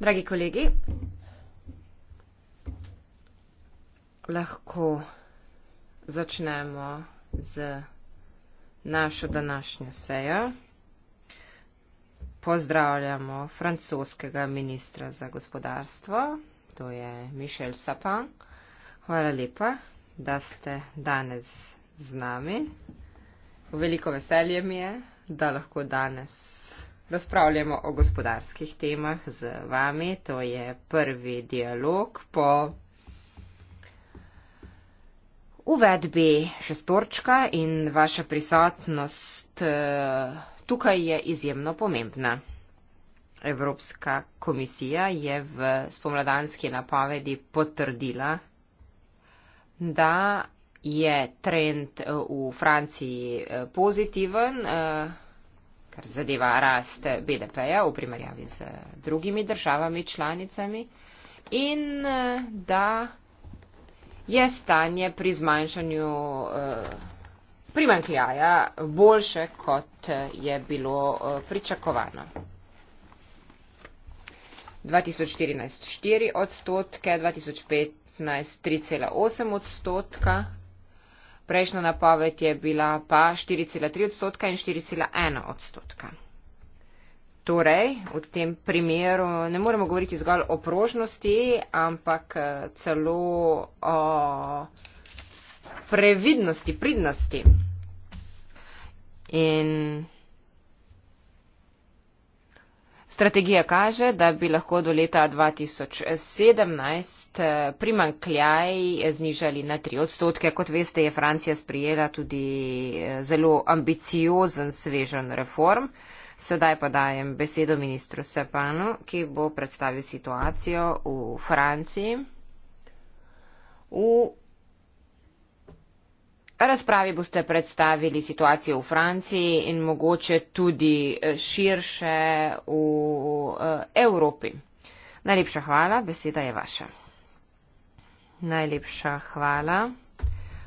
dragi kolegi lahko začnemo z našo današnjo sejo pozdravljamo francoskega ministra za gospodarstvo to je Michel Sapin hvala lepa da ste danes z nami veliko veselje mi je da lahko danes razpravljamo o gospodarskih temah z vami. To je prvi dialog po uvedbi šestorčka in vaša prisotnost eh, tukaj je izjemno pomembna. Evropska komisija je v spomladanski napovedi potrdila, da je trend eh, v Franciji eh, pozitiven, kar zadeva rast BDP-ja v primerjavi z drugimi državami članicami in eh, da je stanje pri zmanjšanju eh, primankljaja boljše, kot eh, je bilo pričakovano. 2014 4 odstotke, 2015 3,8 odstotka. Prejšnja napoved je bila pa 4,3 odstotka in 4,1 odstotka. Torej, v tem primeru ne moremo govoriti zgolj o prožnosti, ampak celo o previdnosti, pridnosti. In Strategija kaže, da bi lahko do leta 2017 eh, primankljaj znižali na 3 odstotke. Kot veste, je Francija sprijela tudi eh, zelo ambiciozen svežen reform. Sedaj pa dajem besedo ministru Sepanu, ki bo predstavil situacijo v Franciji. V razpravi boste predstavili situacijo v Franciji in mogoče tudi eh, širše v eh, Evropi. Najlepša hvala, beseda je vaša. Najlepša hvala,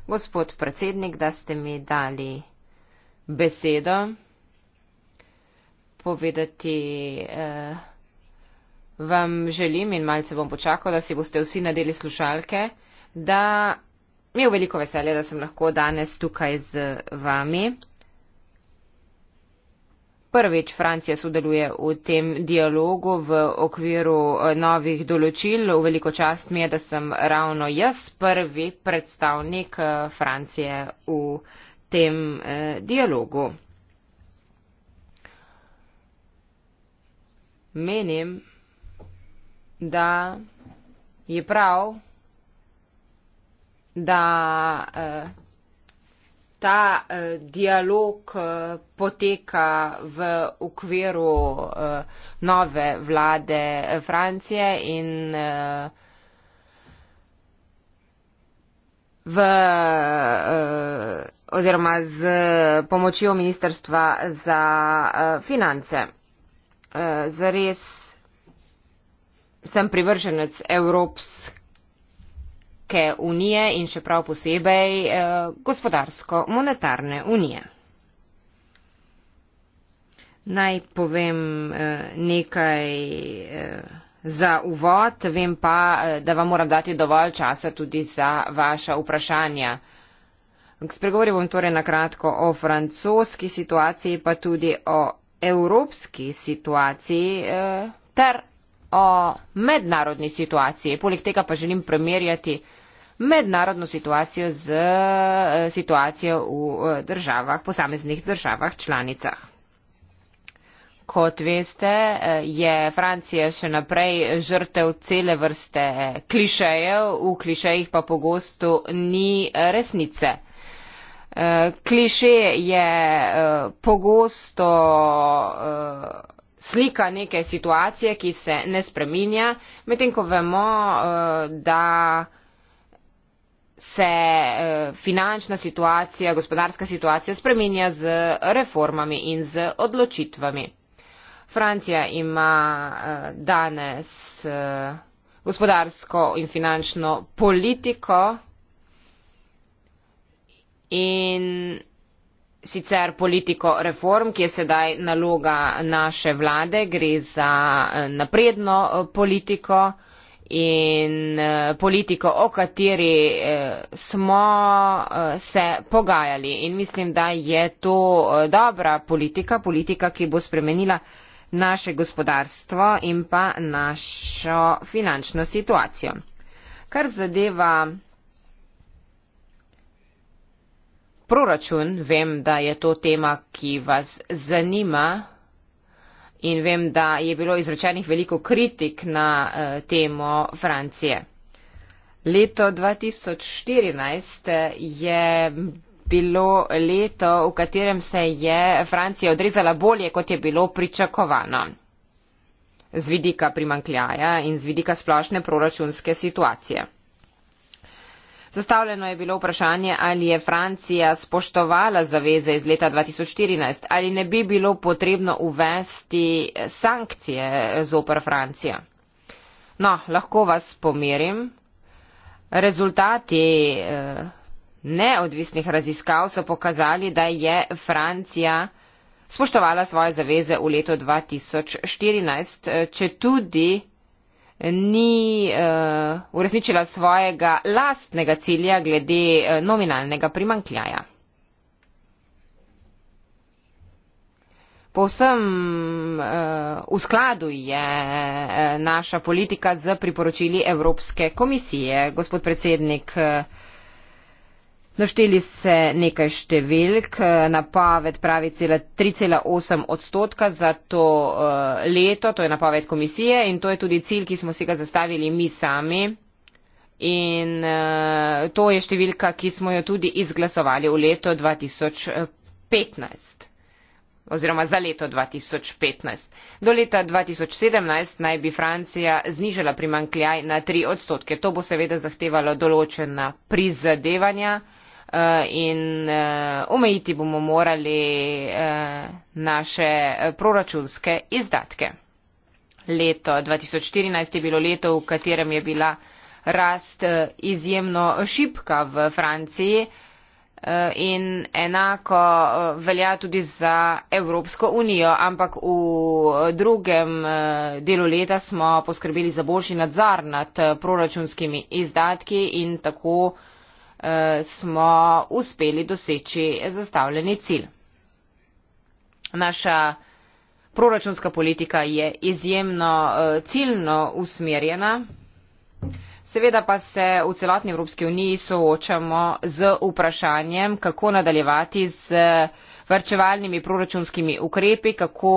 gospod predsednik, da ste mi dali besedo povedati. Eh, vam želim in malce bom počakal, da si boste vsi nadeli slušalke, da imel veliko veselje, da sem lahko danes tukaj z vami. Prvič Francija sodeluje v tem dialogu v okviru eh, novih določil. V veliko čast mi je, da sem ravno jaz prvi predstavnik eh, Francije v tem eh, dialogu. Menim, da je prav, da eh, ta eh, dialog eh, poteka v okviru nove vlade Francije in v, oziroma z pomočjo Ministrstva za finance. Zares sem privrženec evropske Evropske unije in še prav posebej eh, gospodarsko-monetarne unije. Naj povem eh, nekaj eh, za uvod, vem pa, da vam moram dati dovolj časa tudi za vaša vprašanja. Spregovoril bom torej na kratko o francoski situaciji, pa tudi o evropski situaciji ter o mednarodni situaciji. Poleg tega pa želim primerjati mednarodno situacijo z eh, situacijo v eh, državah, posameznih državah članicah. Kot veste, eh, je Francija še naprej žrtev cele vrste klišejev, v klišejih pa pogosto ni resnice. Kliše je pogosto slika neke situacije, ki se ne spreminja, medtem ko vemo, da se eh, finančna situacija, gospodarska situacija spreminja z reformami in z odločitvami. Francija ima eh, danes eh, gospodarsko in finančno politiko in sicer politiko reform, ki je sedaj naloga naše vlade, gre za napredno politiko in eh, politiko, o kateri eh, smo eh, se pogajali. In mislim, da je to dobra politika, politika, ki bo spremenila naše gospodarstvo in pa našo finančno situacijo. Kar zadeva proračun, vem, da je to tema, ki vas zanima in vem, da je bilo izrečenih veliko kritik na uh, temo Francije. Leto 2014 eh, je bilo leto, v katerem se je Francija odrezala bolje, kot je bilo pričakovano z vidika primankljaja in z vidika splošne proračunske situacije. Zastavljeno je bilo vprašanje, ali je Francija spoštovala zaveze iz leta 2014, ali ne bi bilo potrebno uvesti sankcije zoper Francijo. No, lahko vas pomirim. Rezultati eh, neodvisnih raziskav so pokazali, da je Francija spoštovala svoje zaveze v letu 2014, če tudi ni uh, uresničila svojega lastnega cilja glede eh, nominalnega primankljaja. Povsem uh, v skladu je uh, naša politika z priporočili Evropske komisije, gospod predsednik. Uh, Našteli ste nekaj številk, eh, napoved pravi 3,8 odstotka za to eh, leto, to je napoved komisije in to je tudi cilj, ki smo si ga zastavili mi sami. In eh, to je številka, ki smo jo tudi izglasovali v leto 2015 oziroma za leto 2015. Do leta 2017 naj bi Francija znižala primankljaj na 3 odstotke. To bo seveda zahtevalo določena prizadevanja. Eh, in eh, omejiti bomo morali eh, naše proračunske izdatke. Leto 2014 je bilo leto, v katerem je bila rast izjemno šipka v Franciji in enako velja tudi za Evropsko unijo, ampak v drugem delu leta smo poskrbeli za boljši nadzor nad proračunskimi izdatki in tako Eh, smo uspeli doseči zastavljeni cilj. Naša proračunska politika je izjemno eh, ciljno usmerjena, seveda pa se v celotni Evropski uniji soočamo z vprašanjem, kako nadaljevati z eh, vrčevalnimi proračunskimi ukrepi, kako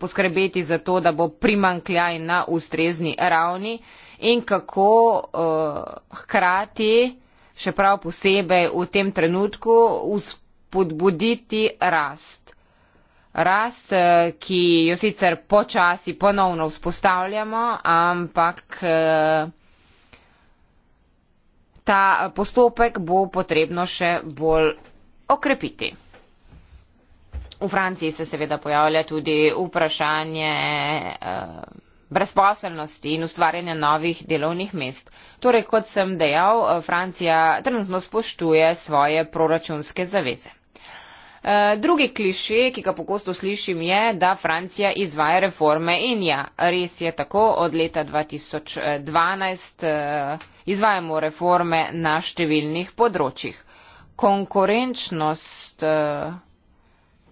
poskrbeti za to, da bo primankljaj na ustrezni ravni in kako eh, hkrati, še prav posebej v tem trenutku, uspodbuditi rast. Rast, eh, ki jo sicer počasi ponovno vzpostavljamo, ampak eh, ta postopek bo potrebno še bolj okrepiti. V Franciji se seveda pojavlja tudi vprašanje brezposelnosti in ustvarjanja novih delovnih mest. Torej, kot sem dejal, eh, Francija trenutno spoštuje svoje proračunske zaveze. Eh, drugi kliše, ki ga pogosto slišim, je, da Francija izvaja reforme in ja, res je tako, od leta 2012 eh, izvajamo reforme na številnih področjih. Konkurenčnost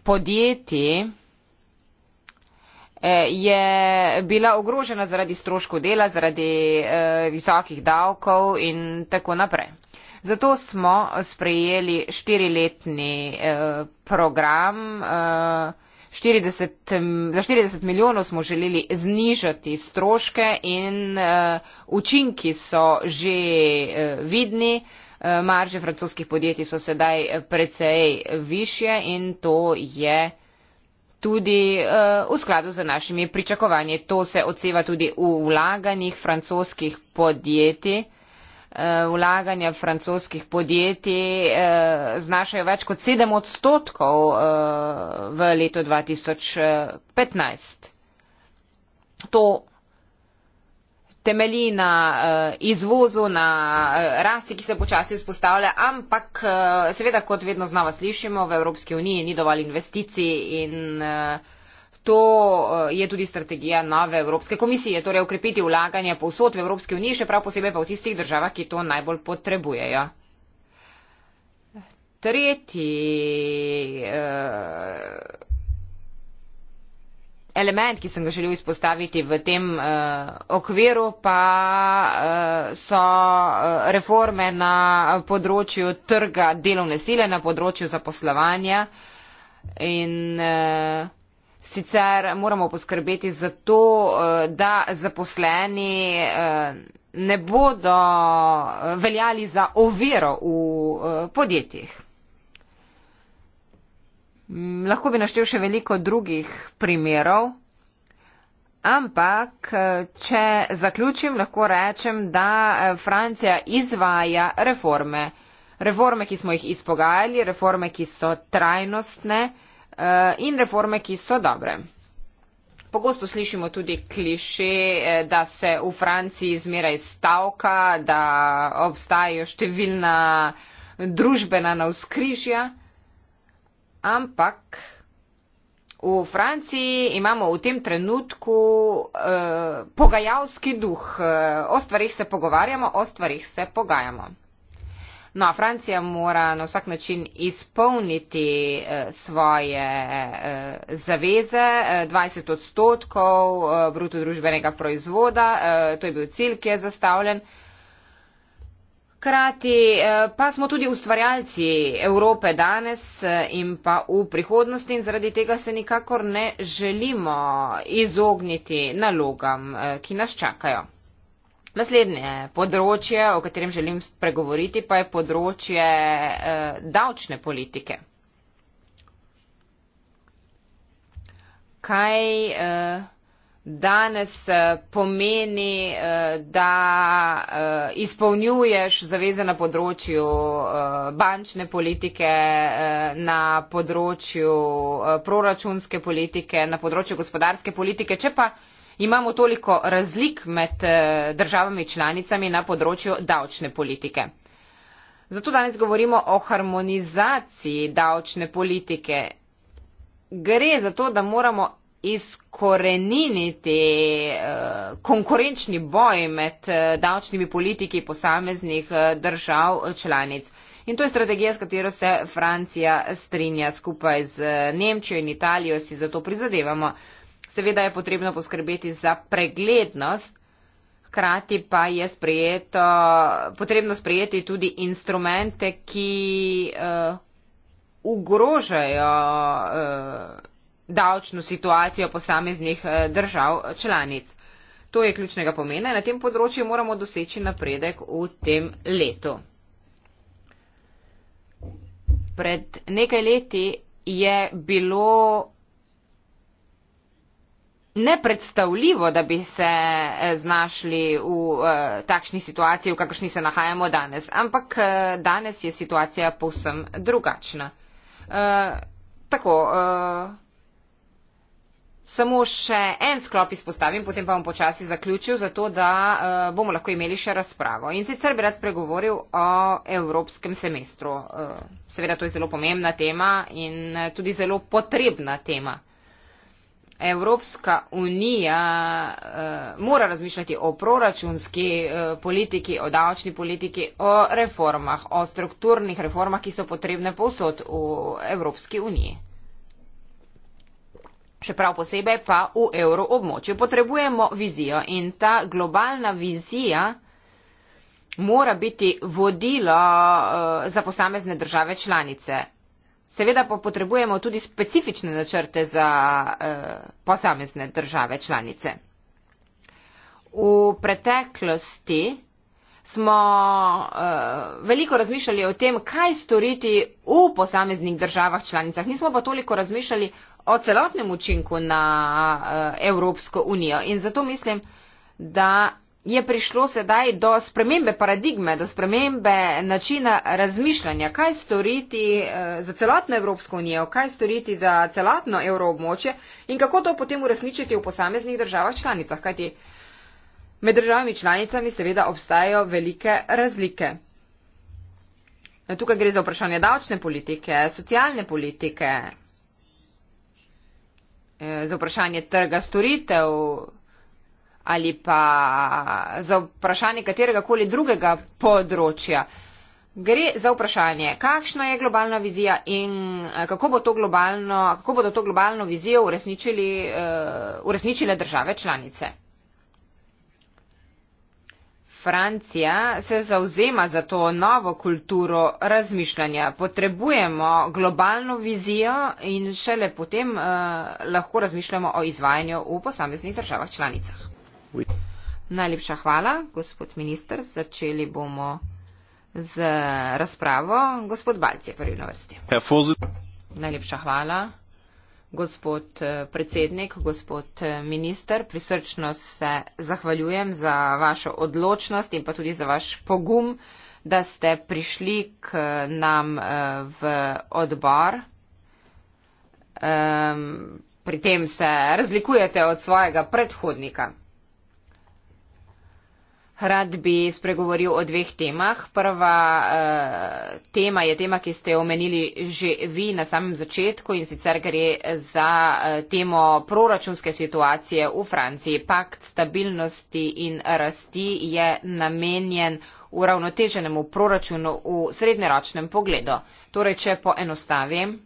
podjetij Eh, je bila ogrožena zaradi stroškov dela, zaradi eh, visokih davkov in tako naprej. Zato smo sprejeli štiriletni eh, program. 40, za 40 milijonov smo želeli znižati stroške in uh, učinki so že uh, vidni. Uh, marže francoskih podjetij so sedaj precej više in to je uh, tudi uh, v skladu z našimi pričakovanji. To se odseva tudi v vlaganjih francoskih podjetij. Eh, vlaganja francoskih podjetij eh, znašajo več kot 7 odstotkov v letu 2015. To temelji na uh, izvozu, na uh, rasti, ki se počasi vzpostavlja, ampak uh, seveda, kot vedno znova slišimo, v Evropski uniji ni dovolj investicij in uh, to uh, je tudi strategija nove Evropske komisije, torej ukrepiti vlaganje povsod v Evropski uniji, še prav posebej pa v tistih državah, ki to najbolj potrebujejo. Tretji. Uh, element, ki sem ga želel izpostaviti v tem uh, okviru, pa uh, so eh, reforme na področju trga delovne sile, na področju zaposlovanja. In uh, sicer moramo poskrbeti za to, uh, da zaposleni uh, ne bodo veljali za oviro v podjetjih. Mm, lahko bi naštel še veliko drugih primerov, ampak eh, če zaključim, lahko rečem, da eh, Francija izvaja reforme. Reforme, ki smo jih izpogajali, reforme, ki so trajnostne eh, in reforme, ki so dobre. Pogosto slišimo tudi kliše, da se v Franciji zmeraj stavka, da obstajajo številna družbena navskrižja ampak v Franciji imamo v tem trenutku eh, pogajalski duh. Eh, o stvarih se pogovarjamo, o stvarih se pogajamo. No, Francija mora na vsak način izpolniti eh, svoje eh, zaveze, eh, 20 odstotkov eh, brutodružbenega proizvoda, eh, to je bil cilj, ki je zastavljen. Eh, Krati eh, pa smo tudi ustvarjalci Evrope danes eh, in pa v prihodnosti in zaradi tega se nikakor ne želimo izogniti nalogam, eh, ki nas čakajo. Naslednje področje, o katerem želim spregovoriti, pa je področje davčne politike. Kaj danes eh, pomeni, eh, da eh, izpolnjuješ zaveze na področju bančne politike, na področju proračunske politike, na področju gospodarske politike. Če pa imamo toliko razlik med državami članicami na področju davčne politike. Zato danes govorimo o harmonizaciji davčne politike. Gre za to, da moramo izkoreniniti eh, konkurenčni boj med eh, davčnimi politiki posameznih eh, držav članic. In to je strategija, s katero se Francija strinja skupaj z Nemčijo in Italijo, si zato prizadevamo. Seveda je potrebno poskrbeti za preglednost, hkrati pa je sprejeto, potrebno sprejeti tudi instrumente, ki uh, ugrožajo. Uh, davčno situacijo posameznih eh, držav eh, članic. To je ključnega pomena in na tem področju moramo doseči napredek v tem letu. Pred nekaj leti je bilo nepredstavljivo, da bi se eh, znašli v eh, takšni situaciji, v kakršni se nahajamo danes. Ampak eh, danes je situacija povsem drugačna. Eh, tako, eh, samo še en sklop izpostavim, potem pa bom počasi zaključil, zato da uh, bomo lahko imeli še razpravo. In sicer bi rad spregovoril o evropskem semestru. Uh, seveda to je zelo pomembna tema in eh, tudi zelo potrebna tema. Evropska unija uh, mora razmišljati o proračunski uh, politiki, o davčni politiki, o reformah, o strukturnih reformah, ki so potrebne povsod v Evropski uniji še prav posebej pa v evroobmočju. Potrebujemo vizijo in ta globalna vizija mora biti vodilo eh, za posamezne države članice. Seveda pa potrebujemo tudi specifične načrte za eh, posamezne države članice. V preteklosti smo uh, veliko razmišljali o tem, kaj storiti v posameznih državah članicah. Nismo pa toliko razmišljali o celotnem učinku na uh, Evropsko unijo. In zato mislim, da je prišlo sedaj do spremembe paradigme, do spremembe načina razmišljanja, kaj storiti uh, za celotno Evropsko unijo, kaj storiti za celotno evroobmočje in kako to potem uresničiti v posameznih državah članicah. Kajti, uh, Med državami članicami seveda obstajajo velike razlike. Tukaj gre za vprašanje davčne politike, socialne politike, eh, za vprašanje trga storitev ali pa za vprašanje katerega koli drugega področja. Gre za vprašanje, kakšna je globalna vizija in eh, kako, bo to globalno, kako bodo to globalno vizijo eh, uresničile države članice. Francija se zauzema za to novo kulturo razmišljanja. Potrebujemo globalno vizijo in šele potem eh, lahko razmišljamo o izvajanju v posameznih državah članicah. Oui. Najlepša hvala, gospod minister. Začeli bomo z razpravo. Gospod Balc je prvi na vrsti. Najlepša hvala gospod eh, predsednik, gospod eh, minister, prisrčno se zahvaljujem za vašo odločnost in pa tudi za vaš pogum, da ste prišli k eh, nam v odbor. Ehm, pri tem se razlikujete od svojega predhodnika. Rad bi spregovoril o dveh temah. Prva eh, tema je tema, ki ste jo omenili že vi na samem začetku in sicer gre za eh, temo proračunske situacije v Franciji. Pakt stabilnosti in rasti je namenjen uravnoteženemu proračunu v srednjeročnem pogledu. Torej, če poenostavim,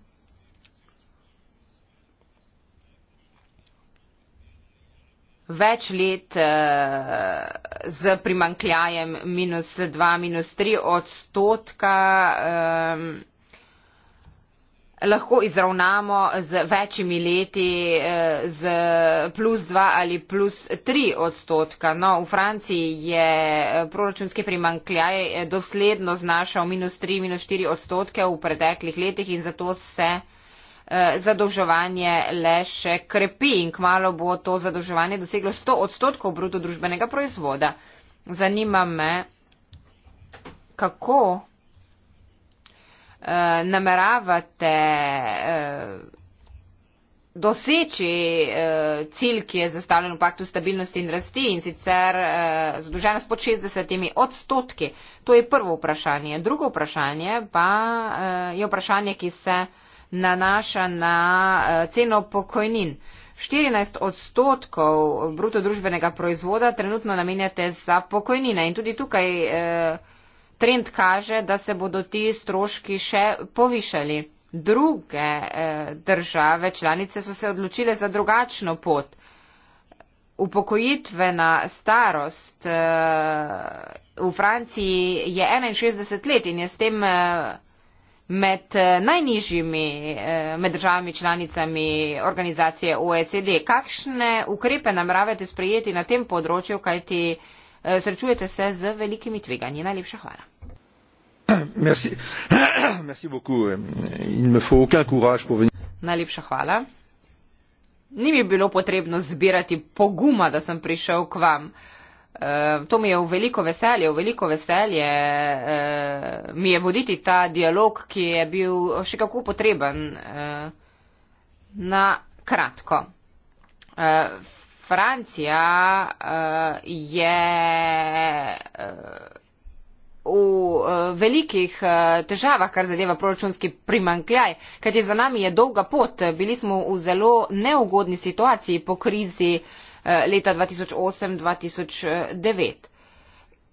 več let eh, z primankljajem minus 2, minus 3 odstotka eh, lahko izravnamo z večjimi leti eh, z plus 2 ali plus 3 odstotka. No, v Franciji je proračunski primankljaj dosledno znašal minus 3, minus 4 odstotke v preteklih letih in zato se Eh, zadolževanje le še krepi in kmalo bo to zadolževanje doseglo 100 odstotkov bruto družbenega proizvoda. Zanima me, kako eh, nameravate eh, doseči cilj, ki je zastavljen v paktu stabilnosti in rasti in sicer zadolžena s pod 60 odstotki. To je prvo vprašanje. Drugo vprašanje pa je vprašanje, ki se nanaša na eh, ceno pokojnin. 14 odstotkov bruto družbenega proizvoda trenutno namenjate za pokojnine in tudi tukaj eh, trend kaže, da se bodo ti stroški še povišali. Druge eh, države članice so se odločile za drugačno pot. Upokojitve na starost v Franciji je 61 let in je s tem med eh, najnižjimi eh, med državami članicami organizacije OECD. Kakšne ukrepe nameravate sprejeti na tem področju, kajti eh, srečujete se z velikimi tveganji? Najlepša hvala. Merci. Merci beaucoup. Najlepša hvala. Ni mi bilo potrebno zbirati poguma, da sem prišel k vam. Uh, Eh, to mi je v veliko veselje, v veliko veselje uh, mi je voditi ta dialog, ki je bil še kako potreben uh, na kratko. Uh, Francija uh, je uh, v uh, velikih uh, težavah, kar zadeva proračunski primankljaj, kajti za nami je dolga pot. Bili smo v zelo neugodni situaciji po krizi uh, Eh, leta 2008-2009.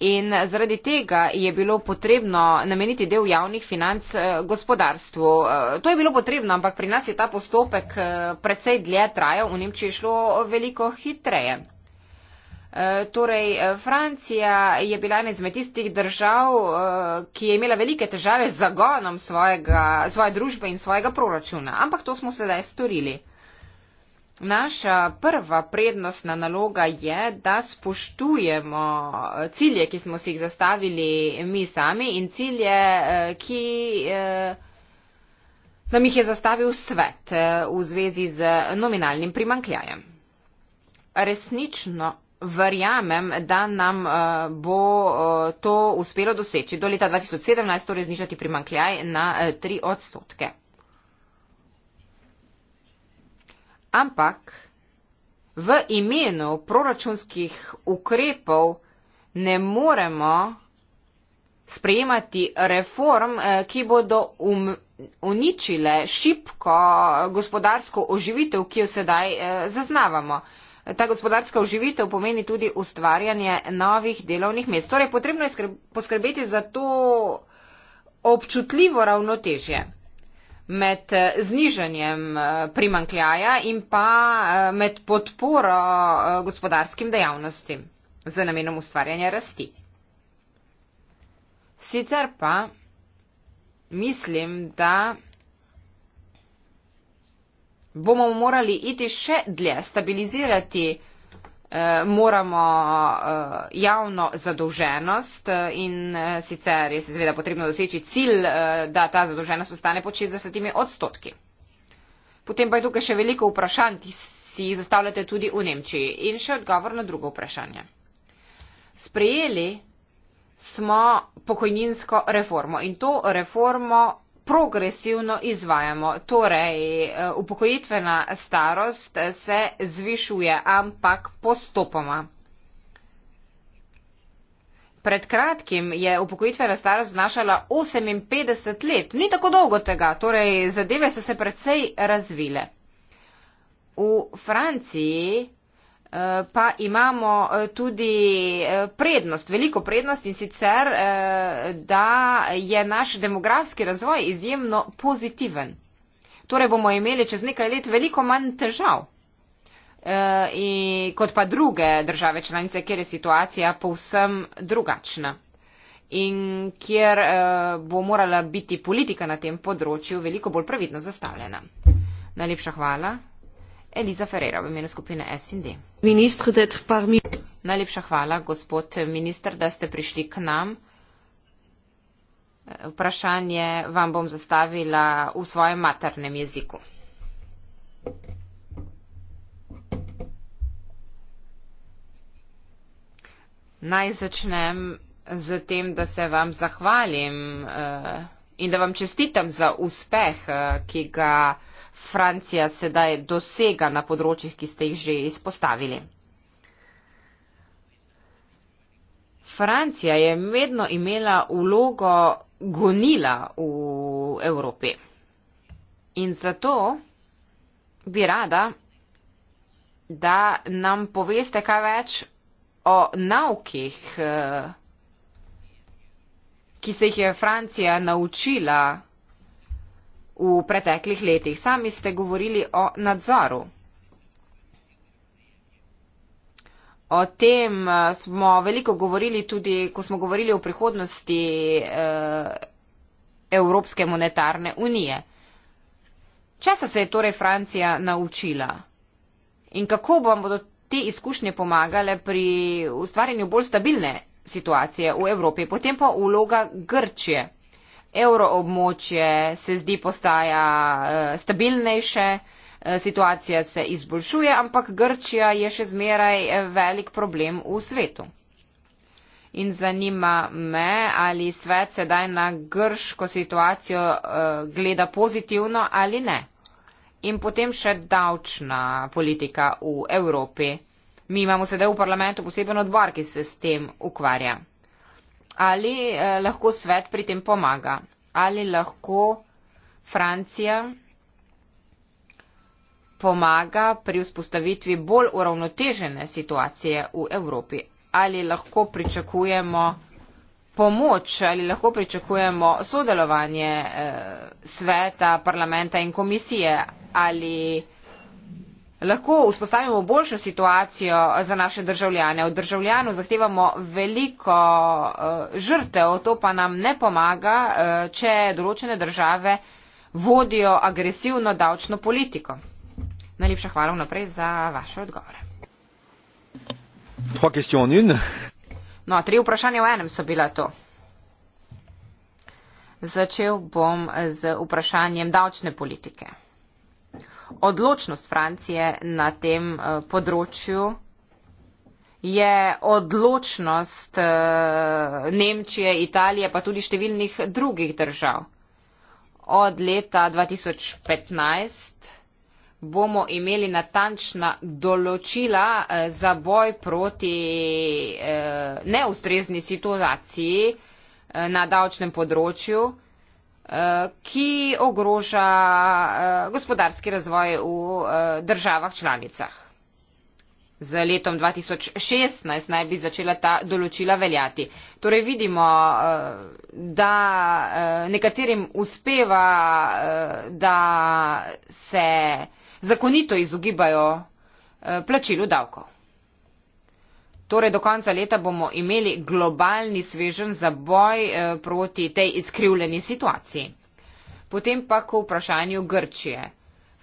In zaradi tega je bilo potrebno nameniti del javnih financ eh, gospodarstvu. Eh, to je bilo potrebno, ampak pri nas je ta postopek precej dlje trajal, v Nemčiji je šlo veliko hitreje. Torej, Francija je bila ena izmed tistih držav, ki je imela velike težave z zagonom svojega, svoje družbe in svojega proračuna. Ampak to smo sedaj storili. Naša prva prednostna naloga je, da spoštujemo eh, cilje, ki smo si jih zastavili mi sami in cilje, eh, ki eh, nam jih je zastavil svet v zvezi z nominalnim primankljajem. Resnično verjamem, da nam bo to uspelo doseči do leta 2017, torej znižati primankljaj na 3 odstotke. ampak v imenu proračunskih ukrepov ne moremo sprejemati reform, eh, ki bodo um, uničile šipko gospodarsko oživitev, ki jo sedaj eh, zaznavamo. Ta gospodarska oživitev pomeni tudi ustvarjanje novih delovnih mest. Torej, potrebno je skrb, poskrbeti za to občutljivo ravnotežje med eh, znižanjem eh, primankljaja in pa eh, med podporo gospodarskim dejavnostim za namenom ustvarjanja rasti. Sicer pa mislim, da bomo morali iti še dlje stabilizirati Eh, moramo eh, javno zadolženost eh, in sicer je seveda potrebno doseči cilj, da ta zadolženost ostane pod 60 odstotki. Potem pa je tukaj še veliko vprašanj, ki si jih zastavljate tudi v Nemčiji. In še odgovor na drugo vprašanje. Sprejeli smo pokojninsko reformo in to reformo progresivno izvajamo. Torej, eh, upokojitvena starost se zvišuje, ampak postopoma. Pred kratkim je upokojitvena starost znašala 58 let, ni tako dolgo tega, torej zadeve so se precej razvile. V Franciji pa imamo eh, tudi eh, prednost, veliko prednost in sicer, eh, da je naš demografski razvoj izjemno pozitiven. Torej bomo imeli čez nekaj let veliko manj težav in, kot pa druge države članice, kjer je situacija povsem drugačna in kjer bo morala biti politika na tem področju veliko bolj previdno zastavljena. Najlepša hvala. Eliza Ferreira v imenu skupine SND. Najlepša hvala, gospod minister, da ste prišli k nam. Vprašanje vam bom zastavila v svojem maternem jeziku. Naj začnem z tem, da se vam zahvalim eh, in da vam čestitam za uspeh, eh, ki ga. Francija sedaj dosega na področjih, ki ste jih že izpostavili. Francija je vedno imela vlogo gonila v Evropi. In zato bi rada, da nam poveste kaj več o naukih, eh, ki se jih je Francija naučila v preteklih letih. Sami ste govorili o nadzoru. O tem eh, smo veliko govorili tudi, ko smo govorili o prihodnosti eh, Evropske monetarne unije. Česa se je torej Francija naučila? In kako vam bodo te izkušnje pomagale pri ustvarjanju bolj stabilne situacije v Evropi? Potem pa uloga Grčije evroobmočje se zdi postaja eh, stabilnejše, eh, situacija se izboljšuje, ampak Grčija je še zmeraj eh, velik problem v svetu. In zanima me, ali svet sedaj na grško situacijo gleda pozitivno ali ne. In potem še davčna politika v Evropi. Mi imamo sedaj v parlamentu poseben odbor, ki se s tem ukvarja ali eh, lahko svet pri tem pomaga, ali lahko Francija pomaga pri vzpostavitvi bolj uravnotežene situacije v Evropi, ali lahko pričakujemo pomoč, ali lahko pričakujemo sodelovanje eh, sveta, parlamenta in komisije, ali lahko lahko vzpostavimo boljšo situacijo za naše državljane. Od državljanov zahtevamo veliko eh, žrtev, to pa nam ne pomaga, eh, če določene države vodijo agresivno davčno politiko. Najlepša hvala vnaprej za vaše odgovore. No, tri vprašanja v enem so bila to. Začel bom z vprašanjem davčne politike odločnost Francije na tem eh, področju je odločnost eh, Nemčije, Italije, pa tudi številnih drugih držav. Od leta 2015 bomo imeli natančna določila eh, za boj proti neustrezni situaciji na davčnem področju ki ogroža eh, gospodarski razvoj v eh, državah članicah. Z letom 2016 naj bi začela ta določila veljati. Torej vidimo, eh, da nekaterim uspeva, da se zakonito izogibajo plačilu davkov. Torej, do konca leta bomo imeli globalni svežen za boj eh, proti tej izkrivljeni situaciji. Potem pa k vprašanju Grčije.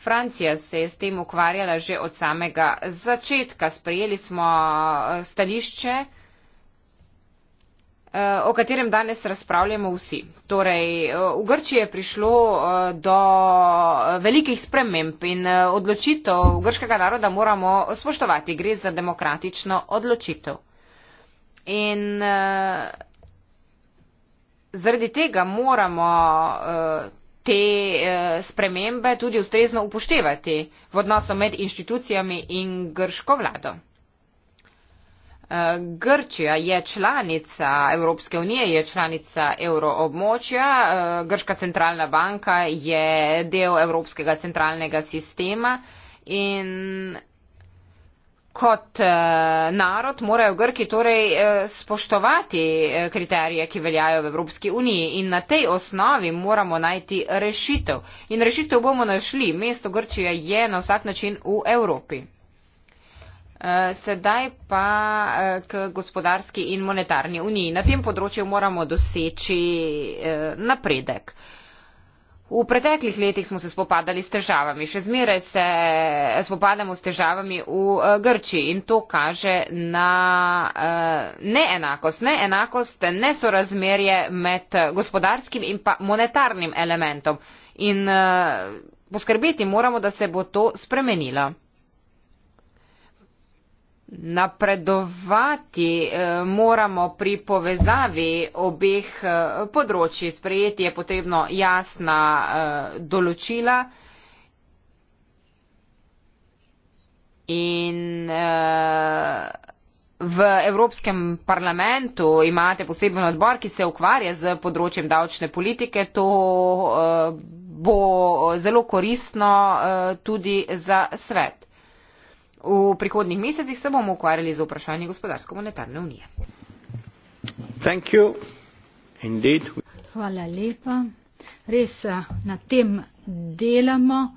Francija se je s tem ukvarjala že od samega začetka. Sprejeli smo eh, stališče. Eh, o katerem danes razpravljamo vsi. Torej, eh, v Grčiji je prišlo eh, do velikih sprememb in odločitev grškega naroda moramo spoštovati. Gre za demokratično odločitev. In zaradi tega moramo te spremembe tudi ustrezno upoštevati v odnosu med inštitucijami in grško vlado. Eh, Grčija je članica Evropske unije, je članica euroobmočja, eh, Grška centralna banka je del Evropskega centralnega sistema in kot eh, narod morajo Grki torej spoštovati kriterije, ki veljajo v Evropski uniji in na tej osnovi moramo najti rešitev. In rešitev bomo našli, mesto Grčija je na vsak način v Evropi. Eh, sedaj pa eh, k gospodarski in monetarni uniji. Na tem področju moramo doseči eh, napredek. V preteklih letih smo se spopadali s težavami, še zmeraj se spopadamo s težavami v Grči in to kaže na neenakost, neenakost, nesorazmerje med gospodarskim in pa monetarnim elementom in poskrbeti moramo, da se bo to spremenilo. Napredovati eh, moramo pri povezavi obeh eh, področji. Sprejeti je potrebno jasna eh, določila in v Evropskem parlamentu imate poseben odbor, ki se ukvarja z področjem davčne politike. To bo zelo koristno tudi za svet. V prihodnih mesecih se bomo ukvarjali z vprašanji gospodarsko monetarne unije. Hvala lepa. Res eh, na tem delamo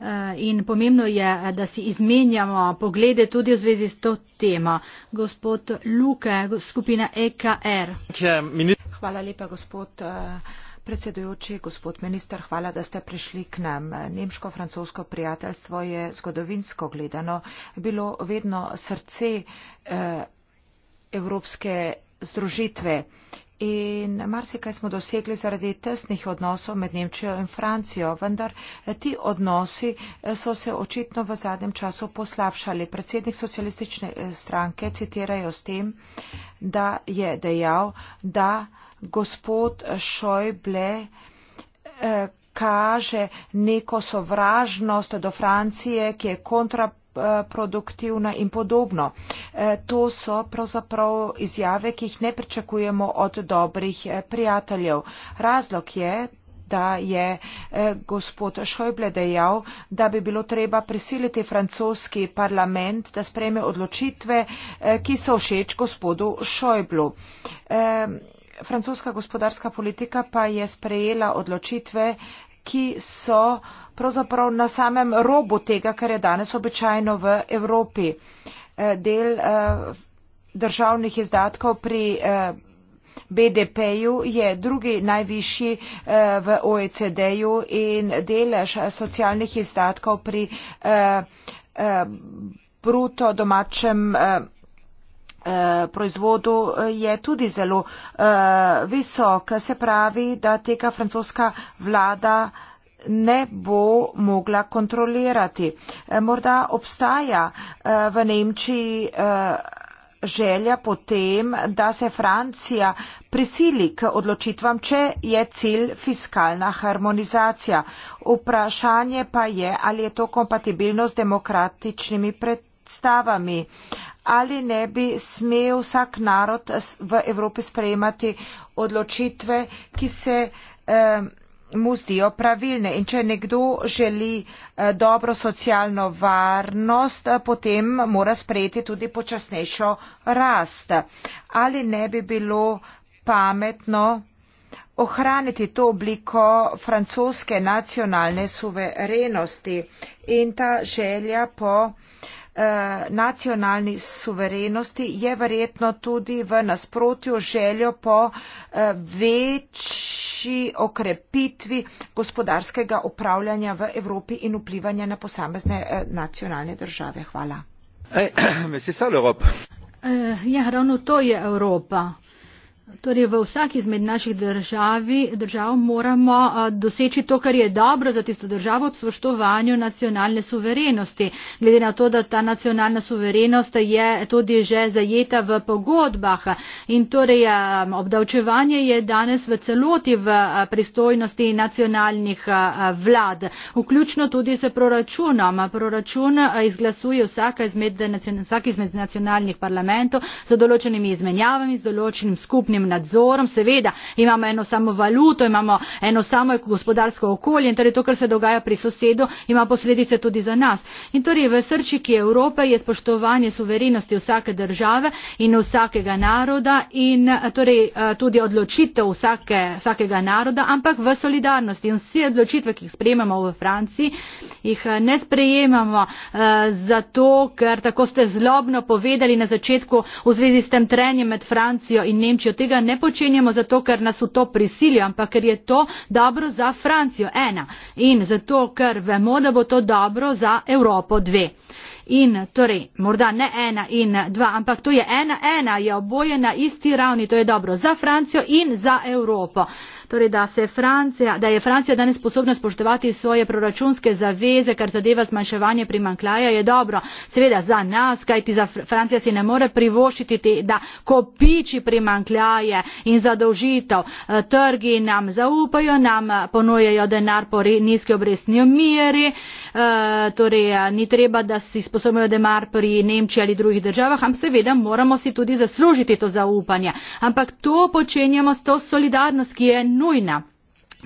eh, in pomembno je, eh, da si izmenjamo poglede tudi v zvezi s to temo. Gospod Luke, skupina EKR. Hvala lepa, gospod. Uh, Predsedujoči gospod minister, hvala, da ste prišli k nam. Nemško-francosko prijateljstvo je zgodovinsko gledano bilo vedno srce eh, Evropske združitve. In marsikaj smo dosegli zaradi tesnih odnosov med Nemčijo in Francijo, vendar eh, ti odnosi eh, so se očitno v zadnjem času poslabšali. Predsednik socialistične eh, stranke citirajo s tem, da je dejal, da gospod Šojble eh, kaže neko sovražnost do Francije, ki je kontraproduktivna in podobno. Eh, to so pravzaprav izjave, ki jih ne pričakujemo od dobrih eh, prijateljev. Razlog je, da je gospod Šojble dejal, da bi bilo treba prisiliti francoski parlament, da spreme odločitve, ki so všeč gospodu Šojblu francoska gospodarska politika pa je sprejela odločitve, ki so pravzaprav na samem robu tega, kar je danes običajno v Evropi. Eh, del eh, državnih izdatkov pri eh, BDP-ju je drugi najvišji v OECD-ju in delež socialnih izdatkov pri bruto domačem Eh, proizvodu eh, je tudi zelo eh, visok. Se pravi, da tega francoska vlada ne bo mogla kontrolirati. Morda obstaja v Nemčiji želja potem, da se Francija prisili k odločitvam, če je cilj fiskalna harmonizacija. Vprašanje pa je, ali je to kompatibilno z demokratičnimi predstavami. Uh, ali ne bi smel vsak narod v Evropi sprejemati odločitve, ki se eh, mu zdijo pravilne. In če nekdo želi eh, dobro socialno varnost, eh, potem mora sprejeti tudi počasnejšo rast. Ali ne bi bilo pametno ohraniti to obliko francoske nacionalne suverenosti in ta želja po eh, Eh, nacionalni suverenosti je verjetno tudi v nasprotju željo po eh, večji okrepitvi gospodarskega upravljanja v Evropi in vplivanja na posamezne eh, nacionalne države. Hvala. Ja, ravno to je Evropa. Torej, v vsaki izmed naših državi, držav moramo doseči to, kar je dobro za tisto državo ob spoštovanju nacionalne suverenosti. Glede na to, da ta nacionalna suverenost je tudi že zajeta v pogodbah. In torej, obdavčevanje je danes v celoti v pristojnosti nacionalnih vlad, vključno tudi s proračunom. Proračun izglasuje vsaka izmed, vsak izmed nacionalnih parlamentov z določenimi izmenjavami, z določenim skupnim skupnim nadzorom seveda imamo eno samo valuto imamo eno samo gospodarsko okolje in torej to kar se dogaja pri sosedu ima posledice tudi za nas in torej v srčiki Evrope je spoštovanje suverenosti vsake države in vsakega naroda in eh, torej eh, tudi odločitev vsake, vsakega naroda ampak v solidarnosti in vse odločitve ki jih sprejemamo v Franciji jih eh, ne sprejemamo zato ker tako ste zlobno povedali na začetku v zvezi s tem trenjem med Francijo in Nemčijo tega ne počenjamo zato, ker nas v to prisilijo, ampak ker je to dobro za Francijo ena in zato, ker vemo, da bo to dobro za Evropo dve. In torej, morda ne ena in dva, ampak to je ena, ena je oboje na isti ravni, to je dobro za Francijo in za Evropo torej da, Francija, da je Francija danes sposobna spoštovati svoje proračunske zaveze, kar zadeva zmanjševanje primanklaja, je dobro. Seveda za nas, kajti za Francija si ne more privoščiti, da kopiči primanklaje in zadolžitev. E, trgi nam zaupajo, nam ponujejo denar po nizki obrestni meri, e, torej ni treba, da si sposobijo denar pri Nemčiji ali drugih državah, ampak seveda moramo si tudi zaslužiti to zaupanje. Ampak to počenjamo s to solidarnost, ki je nujna.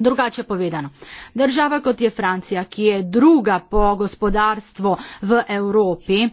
Drugače povedano, država kot je Francija, ki je druga po gospodarstvu v Evropi,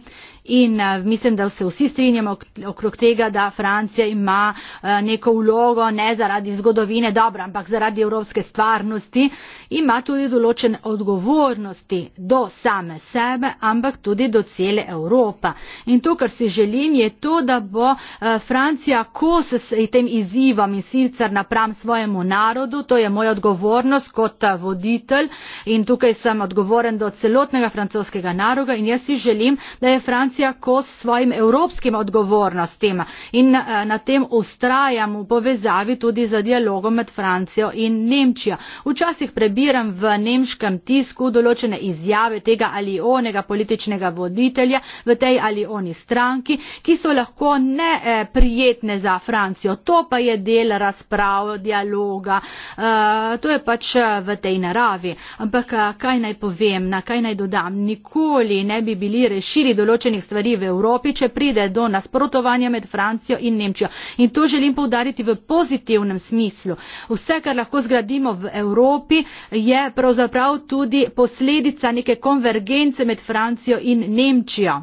in eh, mislim, da se vsi strinjamo okrog tega, da Francija ima eh, neko vlogo, ne zaradi zgodovine, dobro, ampak zaradi evropske stvarnosti, ima tudi določene odgovornosti do same sebe, ampak tudi do cele Evrope. In to, kar si želim, je to, da bo eh, Francija, ko se s tem izzivom in sicer napram svojemu narodu, to je moja odgovornost kot voditelj in tukaj sem odgovoren do celotnega francoskega naroda in jaz si želim, da je Francija Francija kos svojim evropskim odgovornostim in eh, na tem ustrajam v povezavi tudi za dialogom med Francijo in Nemčijo. Včasih prebiram v nemškem tisku določene izjave tega ali onega političnega voditelja v tej ali oni stranki, ki so lahko neprijetne eh, za Francijo. To pa je del razprav, dialoga. Eh, to je pač v tej naravi. Ampak kaj naj povem, na kaj naj dodam? Nikoli ne bi bili rešili določenih stvari v Evropi, če pride do nasprotovanja med Francijo in Nemčijo. In to želim poudariti v pozitivnem smislu. Vse, kar lahko zgradimo v Evropi, je pravzaprav tudi posledica neke konvergence med Francijo in Nemčijo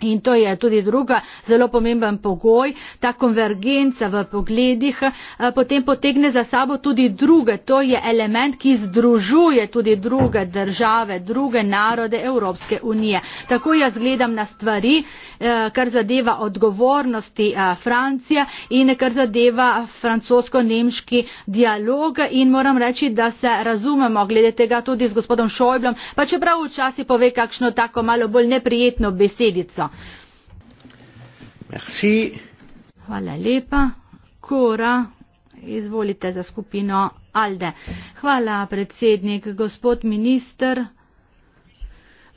in to je tudi druga zelo pomemben pogoj, ta konvergenca v pogledih eh, potem potegne za sabo tudi druge, to je element, ki združuje tudi druge države, druge narode Evropske unije. Tako jaz gledam na stvari, eh, kar zadeva odgovornosti eh, Francije in kar zadeva francosko-nemški dialog in moram reči, da se razumemo glede tega tudi z gospodom Šojblom, pa čeprav včasih pove kakšno tako malo bolj neprijetno besedico. Lorenzo. Merci. Hvala lepa. Kora, izvolite za skupino Alde. Hvala predsednik, gospod minister.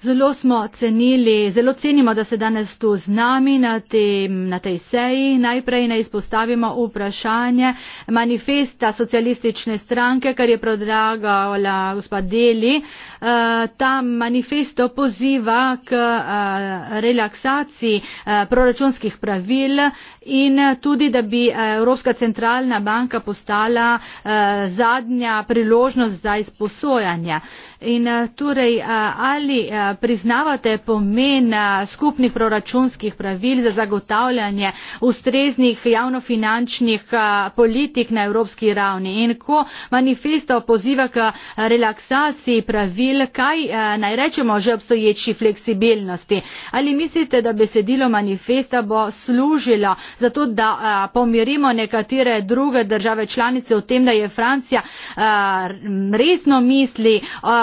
Zelo smo cenili, zelo cenimo, da ste danes tu z nami na, tem, na tej seji. Najprej naj izpostavimo vprašanje manifesta socialistične stranke, kar je predlagala gospod Deli. Eh, ta manifesto poziva k eh, relaksaciji eh, proračunskih pravil in tudi, da bi Evropska centralna banka postala zadnja priložnost za izposojanje. In, torej, ali, priznavate pomen eh, skupnih proračunskih pravil za zagotavljanje ustreznih javnofinančnih eh, politik na evropski ravni. In ko manifesto poziva k relaksaciji pravil, kaj eh, naj rečemo že obstoječi fleksibilnosti? Ali mislite, da besedilo manifesta bo služilo za to, da pomirimo nekatere druge države članice v tem, da je Francija resno misli,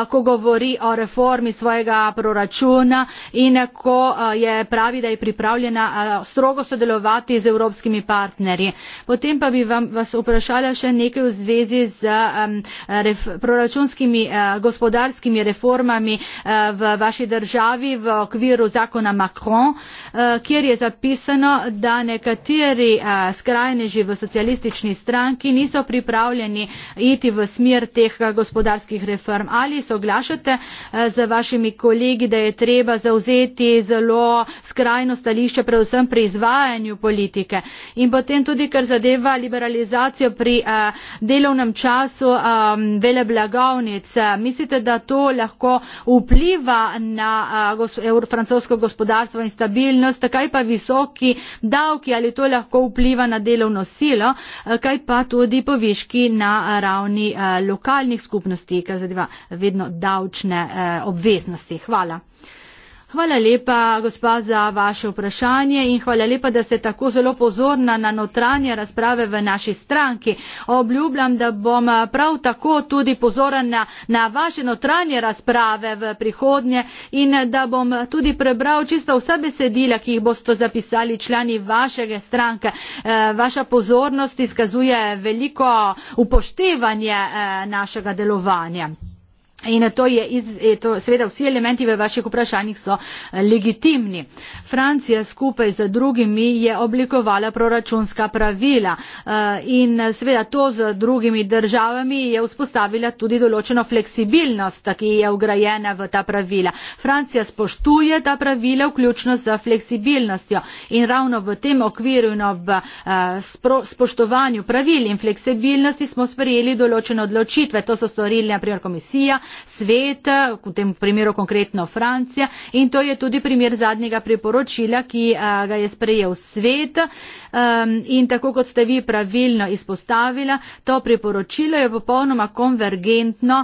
ko govori o reformi svojega proračuna in ko je pravi, da je pripravljena strogo sodelovati z evropskimi partnerji. Potem pa bi vam, vas vprašala še nekaj v zvezi z um, ref, proračunskimi uh, gospodarskimi reformami uh, v vaši državi v okviru zakona Macron, uh, kjer je zapisano, da nekateri uh, skrajneži v socialistični stranki niso pripravljeni iti v smer teh gospodarskih reform. Ali soglašate uh, z vašimi kolegi? kolegi, da je treba zauzeti zelo skrajno stališče, predvsem pri izvajanju politike. In potem tudi, kar zadeva liberalizacijo pri eh, delovnem času eh, vele blagovnic. Mislite, da to lahko vpliva na eh, francosko gospodarstvo in stabilnost, kaj pa visoki davki ali to lahko vpliva na delovno silo, kaj pa tudi poviški na ravni lokalnih skupnosti, kar zadeva vedno davčne obveznosti. Hvala. Hvala. Hvala lepa, gospa, za vaše vprašanje in hvala lepa, da ste tako zelo pozorna na notranje razprave v naši stranki. Obljubljam, da bom eh, prav tako tudi pozoren na, na vaše notranje razprave v prihodnje in eh, da bom tudi prebral čisto vse besedila, ki jih boste zapisali člani vašega stranke. E, vaša pozornost izkazuje veliko upoštevanje e, našega delovanja. In to je, iz, e, to, seveda, vsi elementi v vaših vprašanjih so e, legitimni. Francija skupaj z drugimi je oblikovala proračunska pravila e, in seveda to z drugimi državami je vzpostavila tudi določeno fleksibilnost, ki je ugrajena v ta pravila. Francija spoštuje ta pravila, vključno z fleksibilnostjo in ravno v tem okviru in ob spoštovanju pravil in fleksibilnosti smo sprejeli določene odločitve. To so storili naprimer komisija, svet, v tem primeru konkretno Francija in to je tudi primer zadnjega priporočila, ki ga je sprejel svet in tako kot ste vi pravilno izpostavila, to priporočilo je popolnoma konvergentno,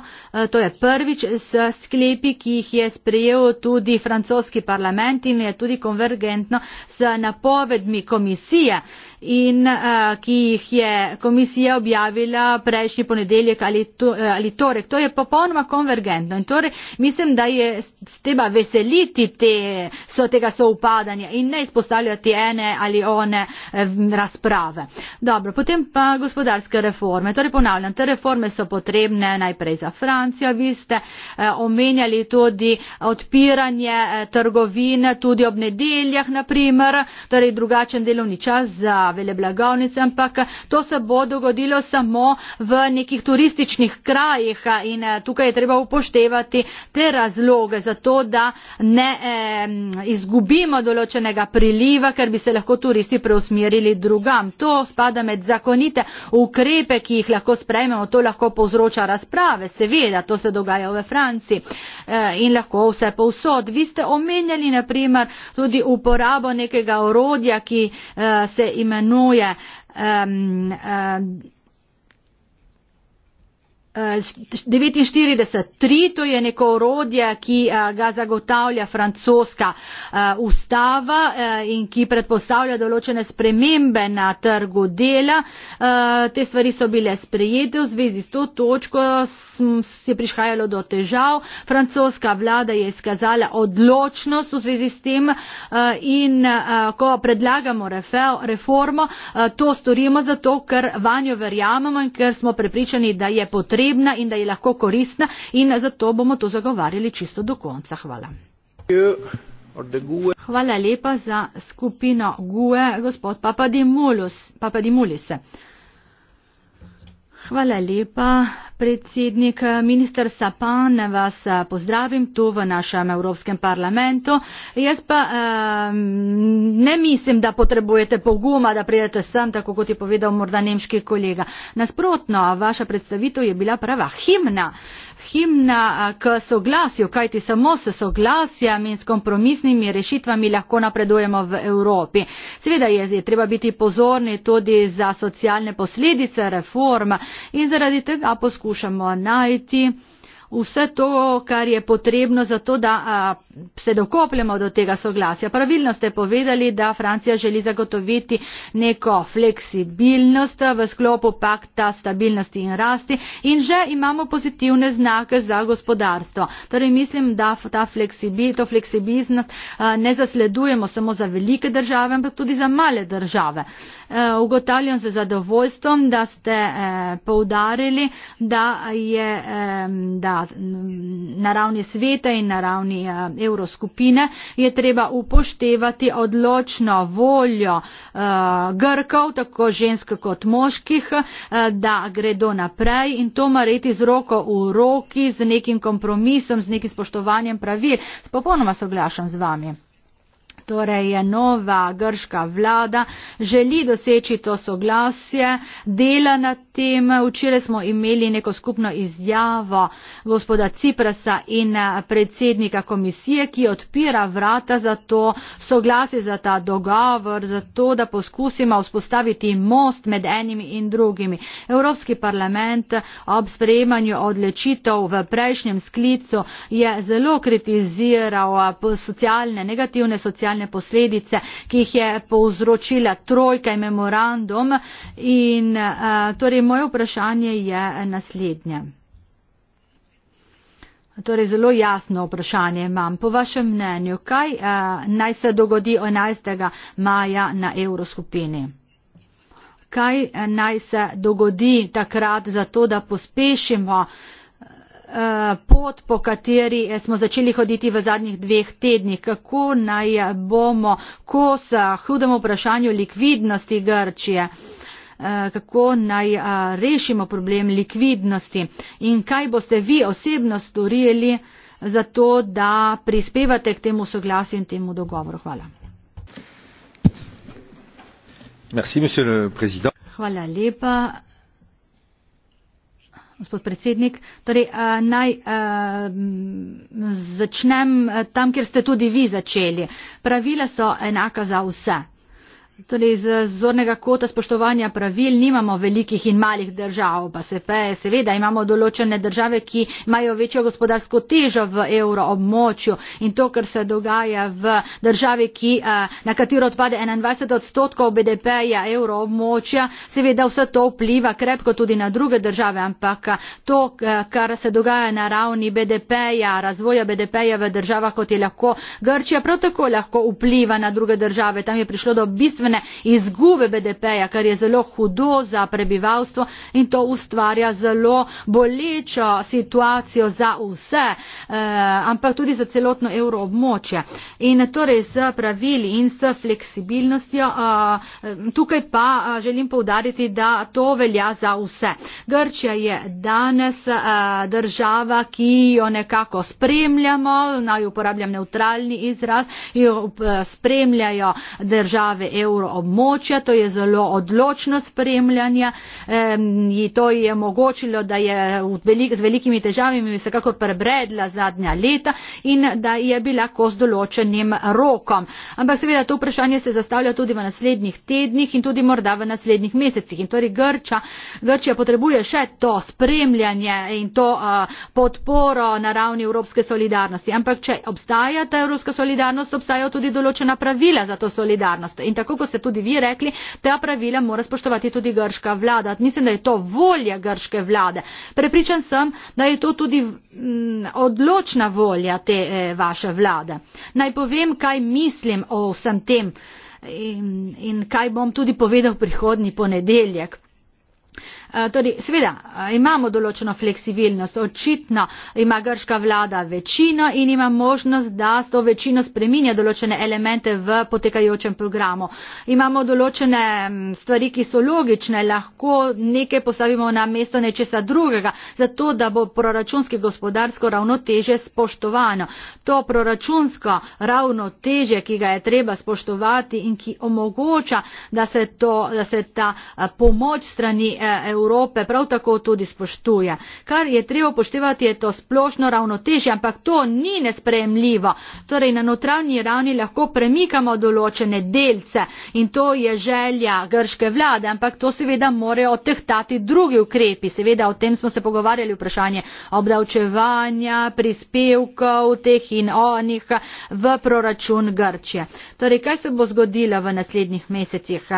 to je prvič s sklepi, ki jih je sprejel tudi francoski parlament in je tudi konvergentno s napovedmi komisije in uh, ki jih je komisija objavila prejšnji ponedeljek ali, to, eh, ali torek. To je popolnoma konvergentno in torej mislim, da je treba veseliti te, so tega soupadanja in ne izpostavljati ene ali one eh, razprave. Dobro, potem pa gospodarske reforme. Torej ponavljam, te reforme so potrebne najprej za Francijo. Vi ste eh, omenjali tudi odpiranje eh, trgovine tudi ob nedeljah, naprimer, torej drugačen delovni čas za pravile blagovnice, ampak to se bo dogodilo samo v nekih turističnih krajih in eh, tukaj je treba upoštevati te razloge za to, da ne eh, izgubimo določenega priliva, ker bi se lahko turisti preusmerili drugam. To spada med zakonite ukrepe, ki jih lahko sprejmemo, to lahko povzroča razprave, seveda, to se dogaja v Franciji eh, in lahko vse povsod. Vi ste omenjali naprimer tudi uporabo nekega orodja, ki eh, se imenuje paranoia um, uh, devetinštirideset tri to je neko orodje ki eh, ga zagotavlja francoska eh, ustava eh, in ki predpostavlja določene spremembe na trgu dela te stvari so bile sprejete v zvezi s to točko je prihajalo do težav francoska vlada je izkazala odločnost v zvezi s tem in ko predlagamo reformo to storimo zato ker vanjo verjamemo in ker smo prepričani da je potrebno potrebna in da je lahko koristna in zato bomo to zagovarjali čisto do konca. Hvala. Hvala lepa za skupino GUE, gospod Papadimulis. Papadimulis. Hvala lepa, predsednik minister Sapan, vas eh, pozdravim tu v našem Evropskem parlamentu. Jaz pa um, ne mislim, da potrebujete poguma, da pridete sem, tako kot je povedal morda nemški kolega. Nasprotno, vaša predstavitev je bila prava himna. Uh, himna k soglasju, kajti samo s soglasjem in s kompromisnimi rešitvami lahko napredujemo v Evropi. Seveda je, je treba biti pozorni tudi za socialne posledice reform in zaradi tega poskušamo najti vse to, kar je potrebno za to, da a, se dokopljamo do tega soglasja. Pravilno ste povedali, da Francija želi zagotoviti neko fleksibilnost v sklopu pakta stabilnosti in rasti in že imamo pozitivne znake za gospodarstvo. Torej mislim, da ta fleksibil, to fleksibilnost a, ne zasledujemo samo za velike države, ampak tudi za male države. E, ugotavljam se zadovoljstvom, da ste e, poudarili, da je e, da na ravni sveta in na ravni eh, evroskupine, je treba upoštevati odločno voljo eh, Grkov, tako žensk kot moških, eh, da gredo naprej in to mariti z roko v roki, z nekim kompromisom, z nekim spoštovanjem pravil. Popolnoma soglašam z vami. Torej je nova grška vlada, želi doseči to soglasje, dela na tem. Včeraj smo imeli neko skupno izjavo gospoda Ciprasa in eh, predsednika komisije, ki odpira vrata za to soglasje, za ta dogovor, za to, da poskusimo vzpostaviti most med enimi in drugimi. Evropski parlament ob sprejemanju odločitev v prejšnjem sklicu je zelo kritiziral eh, socialne, negativne socialne posledice, ki jih je povzročila trojka in memorandum. In, uh, torej, moje vprašanje je naslednje. Torej, zelo jasno vprašanje imam. Po vašem mnenju, kaj eh, naj se dogodi 11. maja na evroskupini? Kaj eh, naj se dogodi takrat za to, da pospešimo eh, pot, po kateri eh, smo začeli hoditi v zadnjih dveh tednih? Kako naj bomo, ko se eh, hudemo vprašanju likvidnosti Grčije? Eh, Eh, kako naj eh, rešimo problem likvidnosti in kaj boste vi osebno storili za to, da prispevate k temu soglasju in temu dogovoru. Hvala. Merci, Hvala lepa. Gospod predsednik, torej, eh, naj začnem tam, kjer ste tudi vi začeli. Pravila so enaka za vse. Torej, z zornega kota spoštovanja pravil nimamo velikih in malih držav, pa se pa seveda imamo določene države, ki imajo večjo gospodarsko težo v evroobmočju in to, kar se dogaja v državi, ki, eh, na katero odpade 21 odstotkov BDP-ja evroobmočja, seveda vse to vpliva krepko tudi na druge države, ampak eh, to, eh, kar se dogaja na ravni BDP-ja, razvoja BDP-ja v državah, kot je lahko Grčija, prav tako lahko vpliva na druge države ogromne izgube BDP-ja, kar je zelo hudo za prebivalstvo in to ustvarja zelo bolečo situacijo za vse, eh, ampak tudi za celotno evroobmočje. In torej s pravili in s fleksibilnostjo, eh, tukaj pa eh, želim povdariti, da to velja za vse. Grčija je danes eh, država, ki jo nekako spremljamo, naj uporabljam neutralni izraz, jo eh, spremljajo države EU temperaturo območja, to je zelo odločno spremljanje, e, to je omogočilo, da je velik, z velikimi težavami vsekako prebredla zadnja leta in da je bila kos določenim rokom. Ampak seveda to vprašanje se zastavlja tudi v naslednjih tednih in tudi morda v naslednjih mesecih. In torej Grča, Grčija potrebuje še to spremljanje in to a, podporo na ravni evropske solidarnosti. Ampak če obstaja ta evropska solidarnost, obstajajo tudi določena pravila za to solidarnost. In tako kot ste tudi vi rekli, ta pravila mora spoštovati tudi grška vlada. Mislim, da je to volja grške vlade. Prepričan sem, da je to tudi mm, odločna volja te eh, vaše vlade. Naj povem, kaj mislim o vsem tem in, in kaj bom tudi povedal prihodnji ponedeljek. Eh, torej, seveda, eh, imamo določeno fleksibilnost, očitno ima grška vlada večino in ima možnost, da s to večino spreminja določene elemente v potekajočem programu. Imamo določene mm, stvari, ki so logične, lahko nekaj postavimo na mesto nečesa drugega, zato da bo proračunski gospodarsko ravnoteže spoštovano. To proračunsko ravnoteže, ki ga je treba spoštovati in ki omogoča, da se, to, da se ta eh, pomoč strani EU Evrope prav tako tudi spoštuje. Kar je treba upoštevati, je to splošno ravnotežje, ampak to ni nespremljivo. Torej, na notranji ravni lahko premikamo določene delce in to je želja grške vlade, ampak to seveda morajo otehtati drugi ukrepi. Seveda o tem smo se pogovarjali, vprašanje obdavčevanja, prispevkov teh in onih v proračun Grčije. Torej, kaj se bo zgodilo v naslednjih mesecih?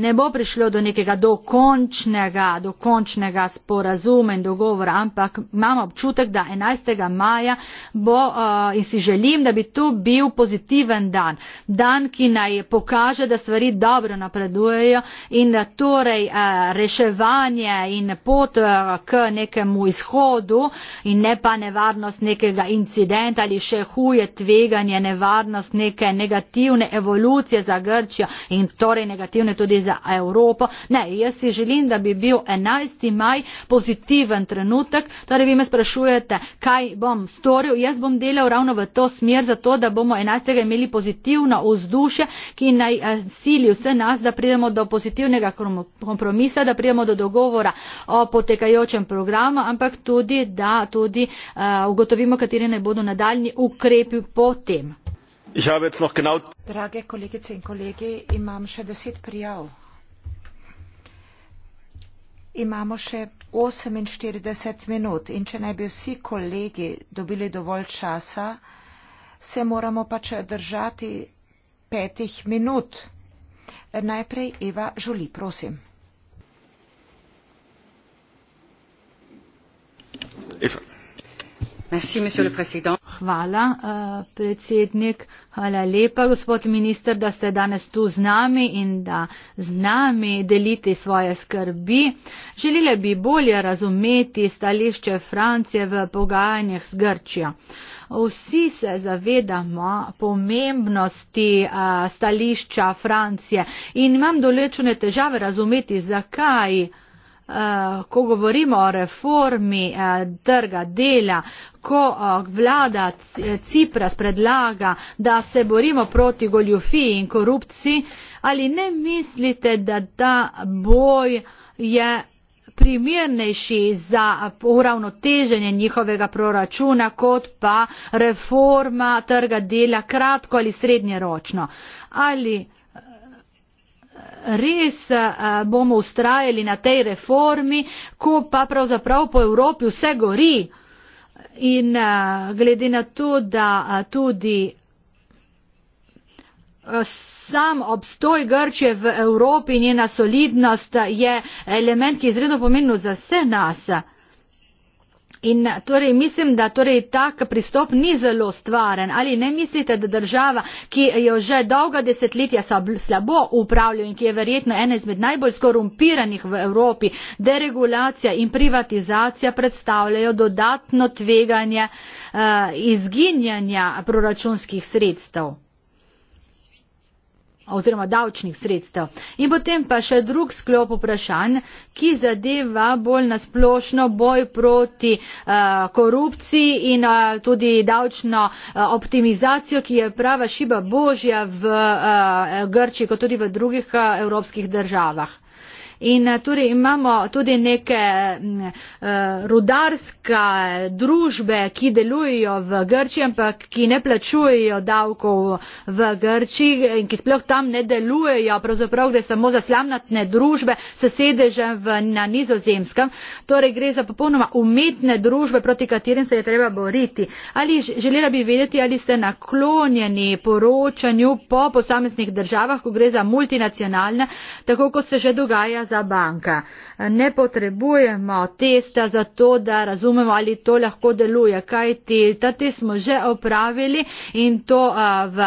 ne bo prišlo do nekega dokončnega, dokončnega sporazuma in dogovora, ampak imam občutek, da 11. maja bo uh, in si želim, da bi tu bil pozitiven dan. Dan, ki naj pokaže, da stvari dobro napredujejo in da torej uh, reševanje in pot uh, k nekemu izhodu in ne pa nevarnost nekega incidenta ali še huje tveganje, nevarnost neke negativne evolucije za Grčijo in torej negativne tudi za za Evropo. Ne, jaz si želim, da bi bil 11. maj pozitiven trenutek. Torej, vi me sprašujete, kaj bom storil. Jaz bom delal ravno v to smer, zato da bomo 11. imeli pozitivno vzdušje, ki naj eh, sili vse nas, da pridemo do pozitivnega kompromisa, da pridemo do dogovora o potekajočem programu, ampak tudi, da tudi uh, ugotovimo, kateri ne bodo nadaljni ukrepi potem drage kolegice in kolegi imam še deset prijav. imamo še oseminštirideset minut in če ne bi vsi kolegi dobili dovolj časa se moramo pač držati petih minut. najprej eva žuli prosim hvala, eh, predsednik. Hvala lepa, gospod minister, da ste danes tu z nami in da z nami delite svoje skrbi. Želile bi bolje razumeti stališče Francije v pogajanjih z Grčijo. Vsi se zavedamo pomembnosti eh, stališča Francije in imam določene težave razumeti, zakaj. Eh, ko govorimo o reformi eh, trga dela, ko eh, vlada Cipras predlaga, da se borimo proti goljufiji in korupciji, ali ne mislite, da ta boj je primernejši za uravnoteženje njihovega proračuna kot pa reforma trga dela kratko ali srednjeročno. Ali res eh, bomo ustrajali na tej reformi, ko pa pravzaprav po Evropi vse gori in eh, glede na to, da eh, tudi Sam obstoj Grče v Evropi, njena solidnost je element, ki je izredno pomembno za vse nas. In torej mislim, da torej tak pristop ni zelo stvaren. Ali ne mislite, da država, ki jo že dolga desetletja slabo upravlja in ki je verjetno ena izmed najbolj skorumpiranih v Evropi, deregulacija in privatizacija predstavljajo dodatno tveganje uh, izginjanja proračunskih sredstev? oziroma davčnih sredstev. In potem pa še drug sklop vprašanj, ki zadeva bolj nasplošno boj proti uh, korupciji in uh, tudi davčno uh, optimizacijo, ki je prava šiba božja v uh, Grčiji, kot tudi v drugih uh, evropskih državah. In eh, torej imamo tudi neke mm, eh, rudarske družbe, ki delujejo v Grčiji, ampak ki ne plačujejo davkov v Grčiji in ki sploh tam ne delujejo, pravzaprav gre samo za slamnatne družbe s sedežem na nizozemskem. Torej gre za popolnoma umetne družbe, proti katerim se je treba boriti. Ali želela bi vedeti, ali ste naklonjeni poročanju po posameznih državah, ko gre za multinacionalne, tako kot se že dogaja za banka. Ne potrebujemo testa za to, da razumemo, ali to lahko deluje, kaj ti. Ta test smo že opravili in to v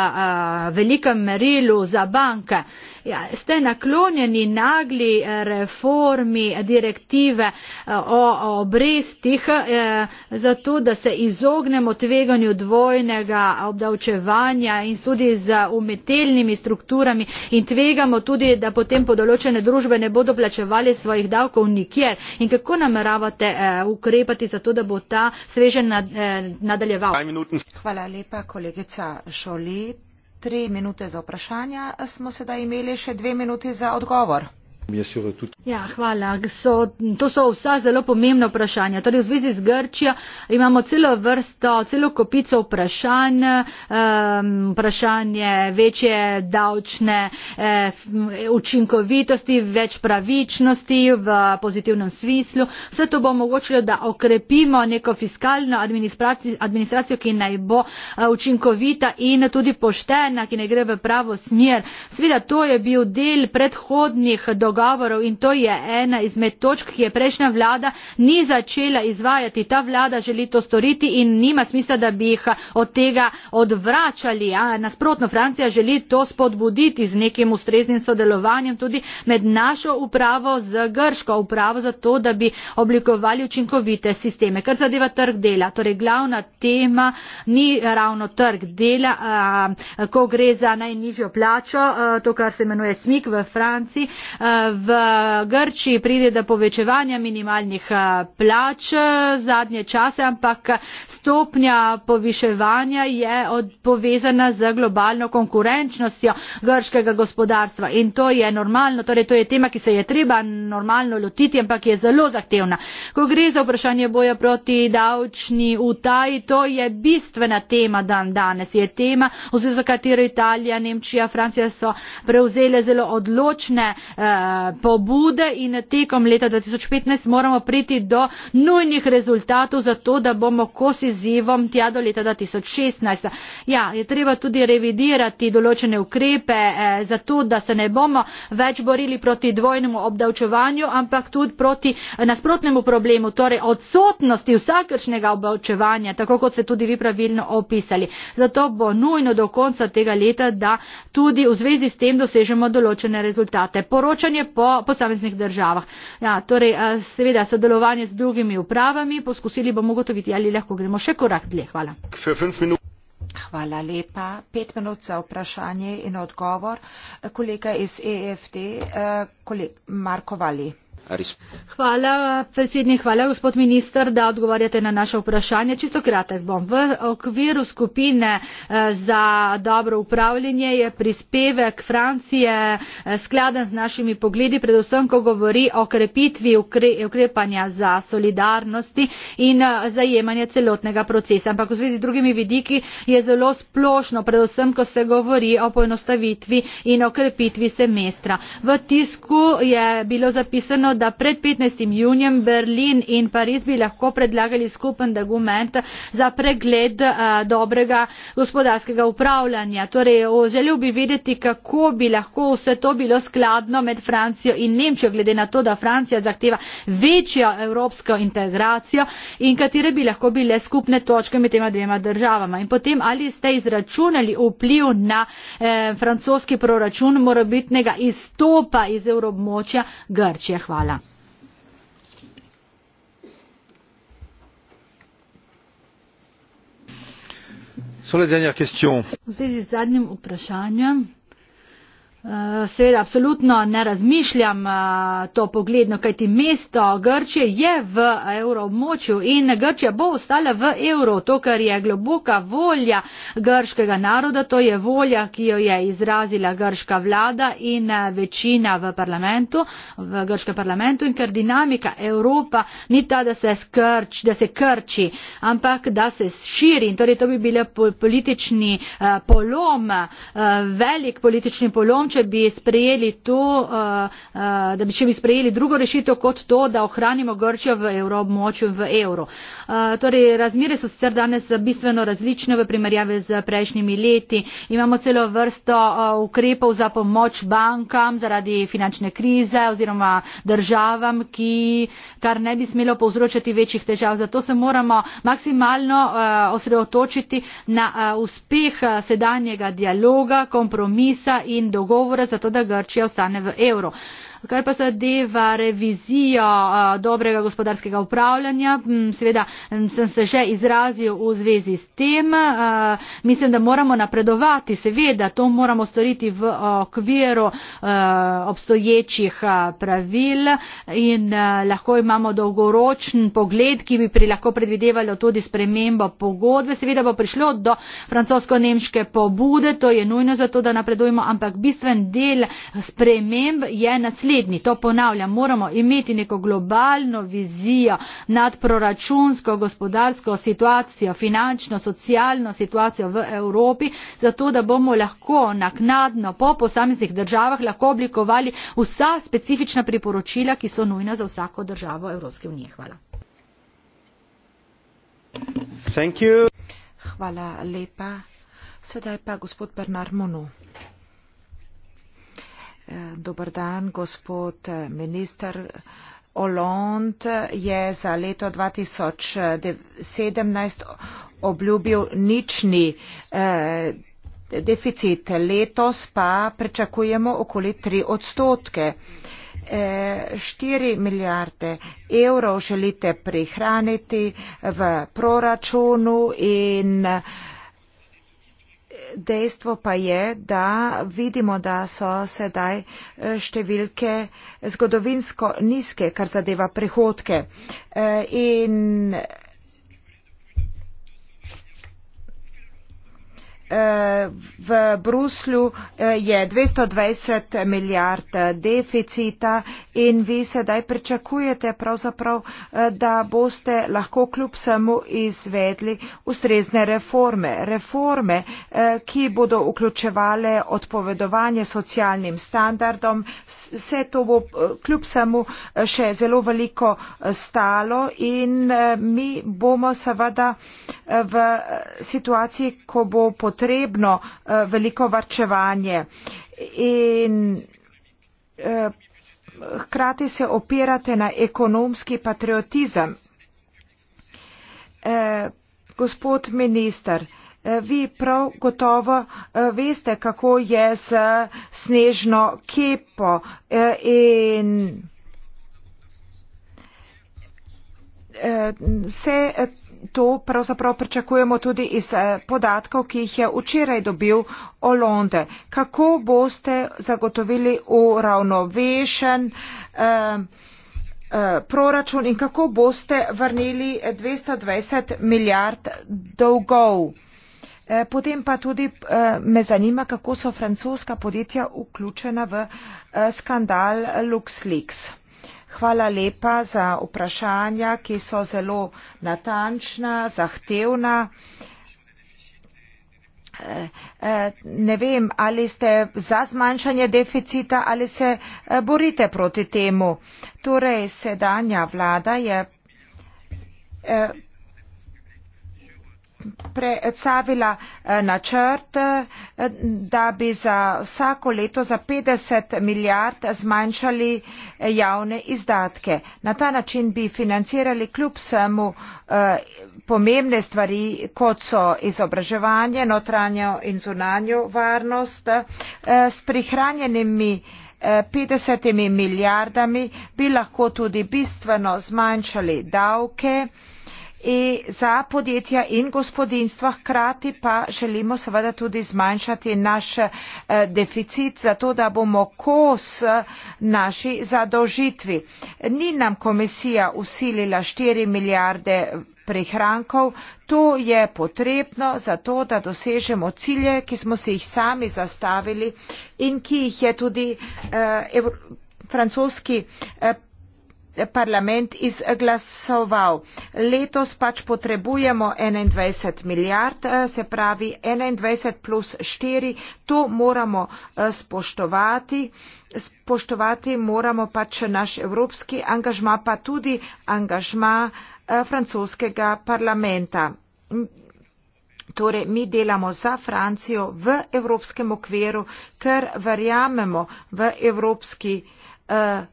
velikem merilu za banka ja, ste naklonjeni nagli eh, reformi direktive eh, o obrestih, eh, zato da se izognemo tveganju dvojnega obdavčevanja in tudi z umeteljnimi strukturami in tvegamo tudi, da potem podoločene družbe ne bodo plačevali svojih davkov nikjer. In kako nameravate ukrepati za to, da bo ta sveže nadaljeval? Hvala lepa, kolegica Šolet tri minute za vprašanja smo sedaj imeli še dve minuti za odgovor. Ja, hvala. So, to so vsa zelo pomembna vprašanja. Torej, v zvezi z Grčijo imamo celo vrsto, celo kopico vprašanj, um, vprašanje večje davčne eh, učinkovitosti, več pravičnosti v pozitivnem smislu. Vse to bo omogočilo, da okrepimo neko fiskalno administracijo, administracijo ki naj bo uh, učinkovita in tudi poštena, ki ne gre v pravo smer. Sveda, to je bil del predhodnih dogodkov dogovorov in to je ena izmed točk, ki je prejšnja vlada ni začela izvajati. Ta vlada želi to storiti in nima smisla, da bi jih od tega odvračali. A nasprotno, Francija želi to spodbuditi z nekim ustreznim sodelovanjem tudi med našo upravo z grško upravo za to, da bi oblikovali učinkovite sisteme. Kar zadeva trg dela, torej glavna tema ni ravno trg dela, a, ko gre za najnižjo plačo, a, to, kar se imenuje smik v Franciji. A, v Grčiji pride do povečevanja minimalnih eh, plač eh, zadnje čase, ampak stopnja poviševanja je povezana z globalno konkurenčnostjo grškega gospodarstva in to je normalno, torej to je tema, ki se je treba normalno lotiti, ampak je zelo zahtevna. Ko gre za vprašanje boja proti davčni utaji, to je bistvena tema dan danes, je tema, oziroma katero Italija, Nemčija, Francija so prevzele zelo odločne eh, Eh, pobude in tekom leta 2015 moramo priti do nujnih rezultatov za to, da bomo kos izzivom tja do leta 2016. Ja, je treba tudi revidirati določene ukrepe eh, za to, da se ne bomo več borili proti dvojnemu obdavčevanju, ampak tudi proti eh, nasprotnemu problemu, torej odsotnosti vsakršnega obdavčevanja, tako kot ste tudi vi pravilno opisali. Zato bo nujno do konca tega leta, da tudi v zvezi s tem dosežemo določene rezultate. Poročanje po posameznih državah. Ja, torej, eh, seveda, sodelovanje z drugimi upravami, poskusili bomo ugotoviti, ali lahko gremo še korak dlje. Hvala. Hvala lepa. Pet minut za vprašanje in odgovor. Kolega iz EFT, eh, kolega Marko Vali. Hvala, predsednik, hvala, gospod minister, da odgovarjate na naše vprašanje. Čisto kratek bom. V okviru skupine eh, za dobro upravljanje je prispevek Francije eh, skladen z našimi pogledi, predvsem, ko govori o krepitvi ukre, ukrepanja za solidarnosti in eh, zajemanje celotnega procesa. Ampak v zvezi z drugimi vidiki je zelo splošno, predvsem, ko se govori o poenostavitvi in okrepitvi semestra. V tisku je bilo zapisano, da pred 15. junijem Berlin in Pariz bi lahko predlagali skupen dokument za pregled eh, dobrega gospodarskega upravljanja. Torej, želel bi videti, kako bi lahko vse to bilo skladno med Francijo in Nemčijo, glede na to, da Francija zahteva večjo evropsko integracijo in katere bi lahko bile skupne točke med tema dvema državama. In potem, ali ste izračunali vpliv na eh, francoski proračun morabitnega izstopa iz evroobmočja Grčije? Hvala. Hvala. V zvezi z zadnjim vprašanjem. Eh, seveda, absolutno ne razmišljam eh, to pogledno, kaj ti mesto Grčije je v evroobmočju in Grčija bo ostala v evro. To, kar je globoka volja grškega naroda, to je volja, ki jo je izrazila grška vlada in eh, večina v parlamentu, v grškem parlamentu in ker dinamika Evropa ni ta, da se, skrč, da se krči, ampak da se širi. In torej, to bi bile politični polom, velik politični polom če bi sprejeli to, eh, eh, da bi če bi sprejeli drugo rešitev kot to, da ohranimo Grčijo v evromočju v evro. Eh, torej, razmire so sicer danes bistveno različne v primerjavi z prejšnjimi leti. Imamo celo vrsto ukrepov za pomoč bankam zaradi finančne krize oziroma državam, ki kar ne bi smelo povzročati večjih težav. Zato se moramo maksimalno osredotočiti na uspeh sedanjega dialoga, kompromisa in dogovora dogovora zato da grčija ostane v evru. Kar pa zadeva revizijo dobrega gospodarskega upravljanja, seveda sem se že izrazil v zvezi s tem. Mislim, da moramo napredovati, seveda to moramo storiti v okviru obstoječih pravil in lahko imamo dolgoročen pogled, ki bi pri lahko predvidevalo tudi spremembo pogodbe. Seveda bo prišlo do francosko-nemške pobude, to je nujno zato, da napredujemo, ampak bistven del sprememb je naslednji naslednji, to ponavljam, moramo imeti neko globalno vizijo nad proračunsko, gospodarsko situacijo, finančno, socialno situacijo v Evropi, zato da bomo lahko naknadno po posameznih državah lahko oblikovali vsa specifična priporočila, ki so nujna za vsako državo Evropske unije. Hvala. Hvala lepa. Sedaj pa gospod Bernard Monod. Eh, Dobar dan, gospod minister. Olond je za leto 2017 obljubil nični eh, deficit, letos pa pričakujemo okoli 3 odstotke. 4 eh, milijarde evrov želite prihraniti v proračunu in dejstvo pa je, da vidimo, da so sedaj eh, številke zgodovinsko nizke, kar zadeva prihodke. Eh, in Eh, v Bruslju eh, je 220 milijard eh, deficita in vi sedaj pričakujete pravzaprav, da boste lahko kljub samo izvedli ustrezne reforme. Reforme, ki bodo vključevale odpovedovanje socialnim standardom, vse to bo kljub samo še zelo veliko stalo in mi bomo seveda v situaciji, ko bo potrebno potrebno eh, veliko varčevanje. In eh, hkrati se opirate na ekonomski patriotizem. Eh, gospod minister, vi prav gotovo veste, kako je z snežno kepo in vse to pravzaprav pričakujemo tudi iz eh, podatkov, ki jih je včeraj dobil Olonde. Kako boste zagotovili uravnovešen eh, eh, proračun in kako boste vrnili 220 milijard dolgov? Potem pa tudi me zanima, kako so francoska podjetja vključena v skandal LuxLeaks. Hvala lepa za vprašanja, ki so zelo natančna, zahtevna. Eh, eh, ne vem, ali ste za zmanjšanje deficita ali se eh, borite proti temu. Torej, sedanja vlada je predstavila načrt da bi za vsako leto za 50 milijard zmanjšali eh, javne izdatke. Na ta način bi financirali kljub vsemu eh, pomembne stvari, kot so izobraževanje, notranjo in zunanjo varnost. Eh, s prihranjenimi 50 milijardami bi lahko tudi bistveno zmanjšali davke E za podjetja in gospodinstva, hkrati pa želimo seveda tudi zmanjšati naš eh, deficit, zato da bomo kos eh, naši zadožitvi. Ni nam komisija usilila 4 milijarde prihrankov, to je potrebno zato, da dosežemo cilje, ki smo si jih sami zastavili in ki jih je tudi eh, francoski. Eh, parlament izglasoval. Letos pač potrebujemo 21 milijard, eh, se pravi 21 plus 4, to moramo eh, spoštovati. Spoštovati moramo pač naš evropski angažma, pa tudi angažma eh, francoskega parlamenta. Torej, mi delamo za Francijo v evropskem okviru, ker verjamemo v evropski eh,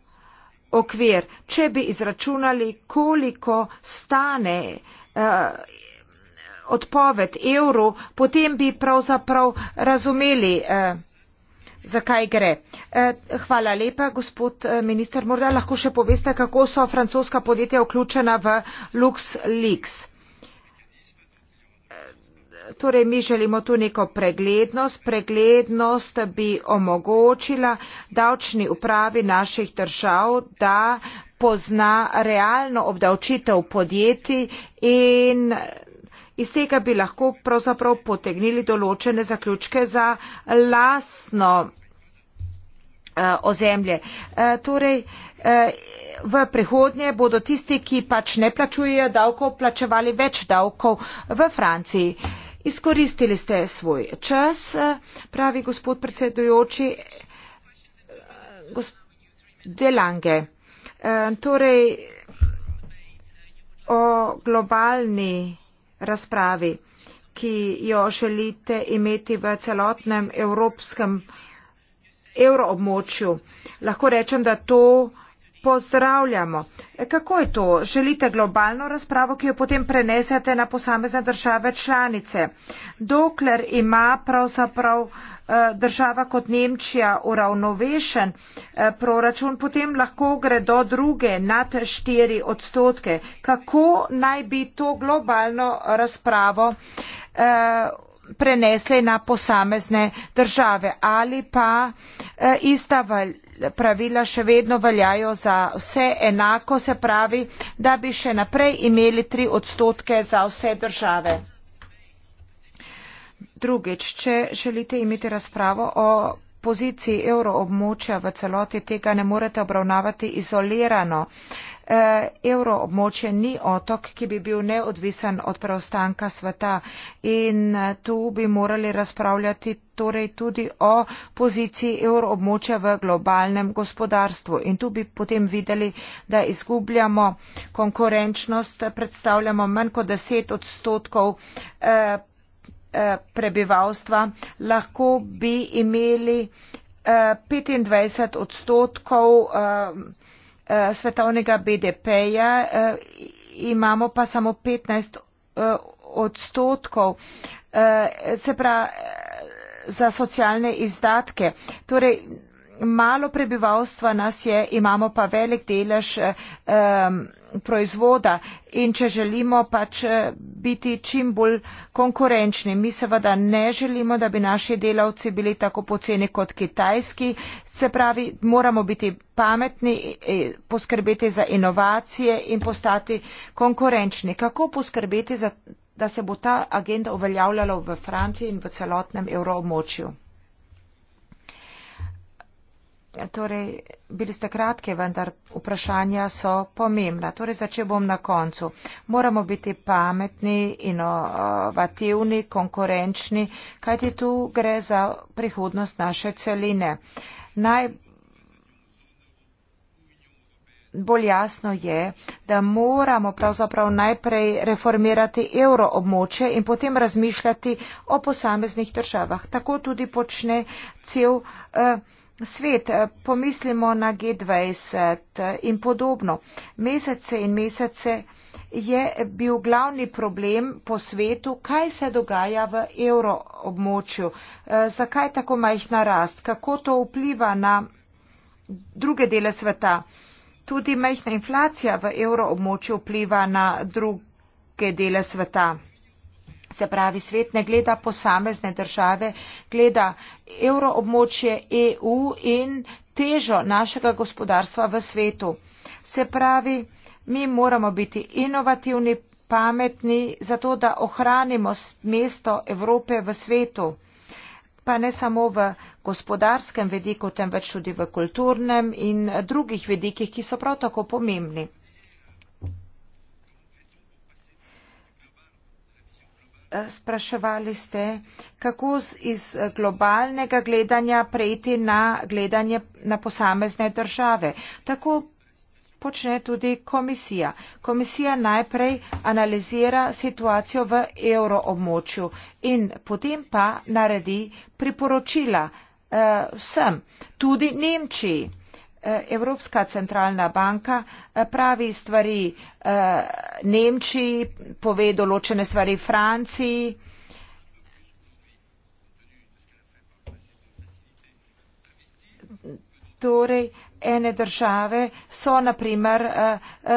okvir, če bi izračunali, koliko stane eh, odpoved evru, potem bi pravzaprav razumeli, eh, zakaj gre. Eh, hvala lepa, gospod eh, minister. Morda lahko še poveste, kako so francoska podjetja vključena v LuxLeaks. Torej, mi želimo tu neko preglednost. Preglednost bi omogočila davčni upravi naših držav, da pozna realno obdavčitev podjetij in iz tega bi lahko pravzaprav potegnili določene zaključke za lastno eh, ozemlje. Eh, torej, eh, v prihodnje bodo tisti, ki pač ne plačujejo davkov, plačevali več davkov v Franciji. Izkoristili ste svoj čas, eh, pravi gospod predsedujoči, eh, gospod Delange. Eh, torej, o globalni razpravi, ki jo želite imeti v celotnem evropskem evroobmočju. Lahko rečem, da to pozdravljamo. E, kako je to? Želite globalno razpravo, ki jo potem prenesete na posamezne države članice? Dokler ima pravzaprav e, država kot Nemčija uravnovešen e, proračun, potem lahko gredo druge nad 4 odstotke. Kako naj bi to globalno razpravo prenesli na posamezne države ali pa izdavali? pravila še vedno veljajo za vse enako, se pravi, da bi še naprej imeli tri odstotke za vse države. Drugič, če želite imeti razpravo o poziciji evroobmočja v celoti, tega ne morete obravnavati izolirano. Uh, Eh, evroobmočje ni otok, ki bi bil neodvisen od preostanka sveta in eh, tu bi morali razpravljati torej tudi o poziciji evroobmočja v globalnem gospodarstvu. In tu bi potem videli, da izgubljamo konkurenčnost, predstavljamo manj kot 10 odstotkov eh, prebivalstva, lahko bi imeli 25 odstotkov Eh, svetovnega BDP-ja, eh, imamo pa samo 15 eh, odstotkov, se pravi, za socialne izdatke. Torej, malo prebivalstva nas je, imamo pa velik delež um, proizvoda in če želimo pač eh, biti čim bolj konkurenčni, mi seveda ne želimo, da bi naši delavci bili tako poceni kot kitajski, se pravi, moramo biti pametni, eh, poskrbeti za inovacije in postati konkurenčni. Kako poskrbeti za da se bo ta agenda uveljavljala v Franciji in v celotnem evroobmočju. Torej, bili ste kratke, vendar vprašanja so pomembna. Torej, začel bom na koncu. Moramo biti pametni, inovativni, konkurenčni, kajti tu gre za prihodnost naše celine. Naj bolj jasno je, da moramo pravzaprav najprej reformirati euroobmoče in potem razmišljati o posameznih državah. Tako tudi počne cel. Uh, svet, eh, pomislimo na G20 eh, in podobno. Mesece in mesece je bil glavni problem po svetu, kaj se dogaja v evroobmočju, eh, zakaj tako majhna rast, kako to vpliva na druge dele sveta. Tudi majhna inflacija v evroobmočju vpliva na druge dele sveta. Se pravi, svet ne gleda posamezne države, gleda euroobmočje EU in težo našega gospodarstva v svetu. Se pravi, mi moramo biti inovativni, pametni, zato da ohranimo mesto Evrope v svetu. Pa ne samo v gospodarskem vediku, temveč tudi v kulturnem in drugih vedikih, ki so prav tako pomembni. Eh, spraševali ste, kako iz eh, globalnega gledanja prejti na gledanje na posamezne države. Tako počne tudi komisija. Komisija najprej analizira situacijo v euroobmočju in potem pa naredi priporočila eh, vsem, tudi Nemčiji. Eh, Evropska centralna banka eh, pravi stvari eh, Nemčiji, pove določene stvari Franciji. Torej, ene države so naprimer